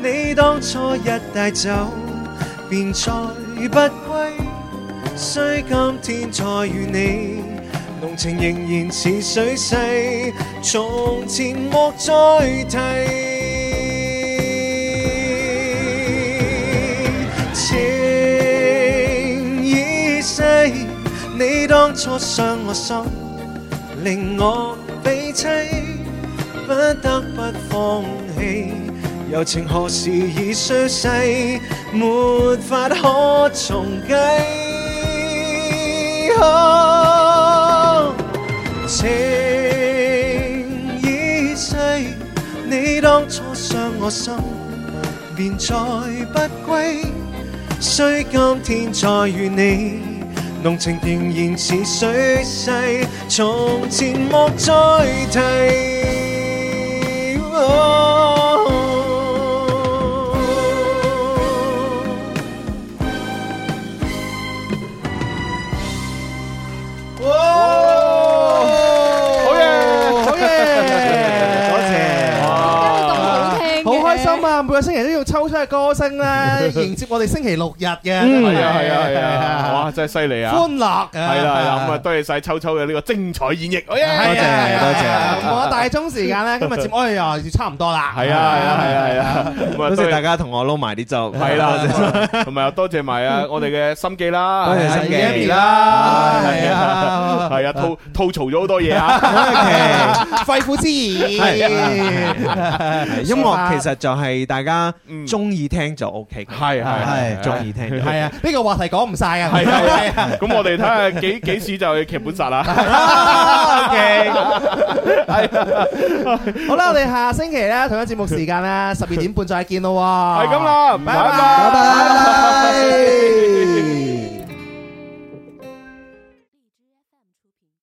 I: 你當初一帶走，便再不。雖今天再遇你，濃情仍然似水逝，從前莫再提。情已逝，你當初傷我心，令我悲凄，不得不放棄。柔情何時已消逝，沒法可重計。Oh, 情已逝，你當初傷我心，便再不歸。雖今天再遇你，濃情仍然似水逝，從前莫再提。
D: Oh,
F: 每個星期都要抽出嘅歌聲咧，迎接我哋星期六日嘅。係啊係啊係啊！哇，
E: 真係犀利啊！歡樂啊！係啦，咁啊，多謝曬秋秋嘅呢個精彩演繹。多謝多謝。我大鐘時
F: 間咧，今日節目又差唔多啦。係啊係啊係啊！
A: 啊！啊，咁多謝大家同我撈埋啲粥。
F: 係啦，同
E: 埋啊，多謝埋啊，我哋嘅心機啦，心機啦。係啊係啊，吐吐槽咗好多嘢啊，
F: 肺腑之言。音樂其
A: 實就係～大家中意聽就 OK，係
E: 係係中意聽，係啊！
F: 呢個話題講唔晒啊！係
E: 啊！咁我哋睇下幾幾時就去劇本殺啦。
F: OK，係好啦！我哋下星期咧同一節目時間咧十二點半再見咯。係咁啦，拜拜拜拜。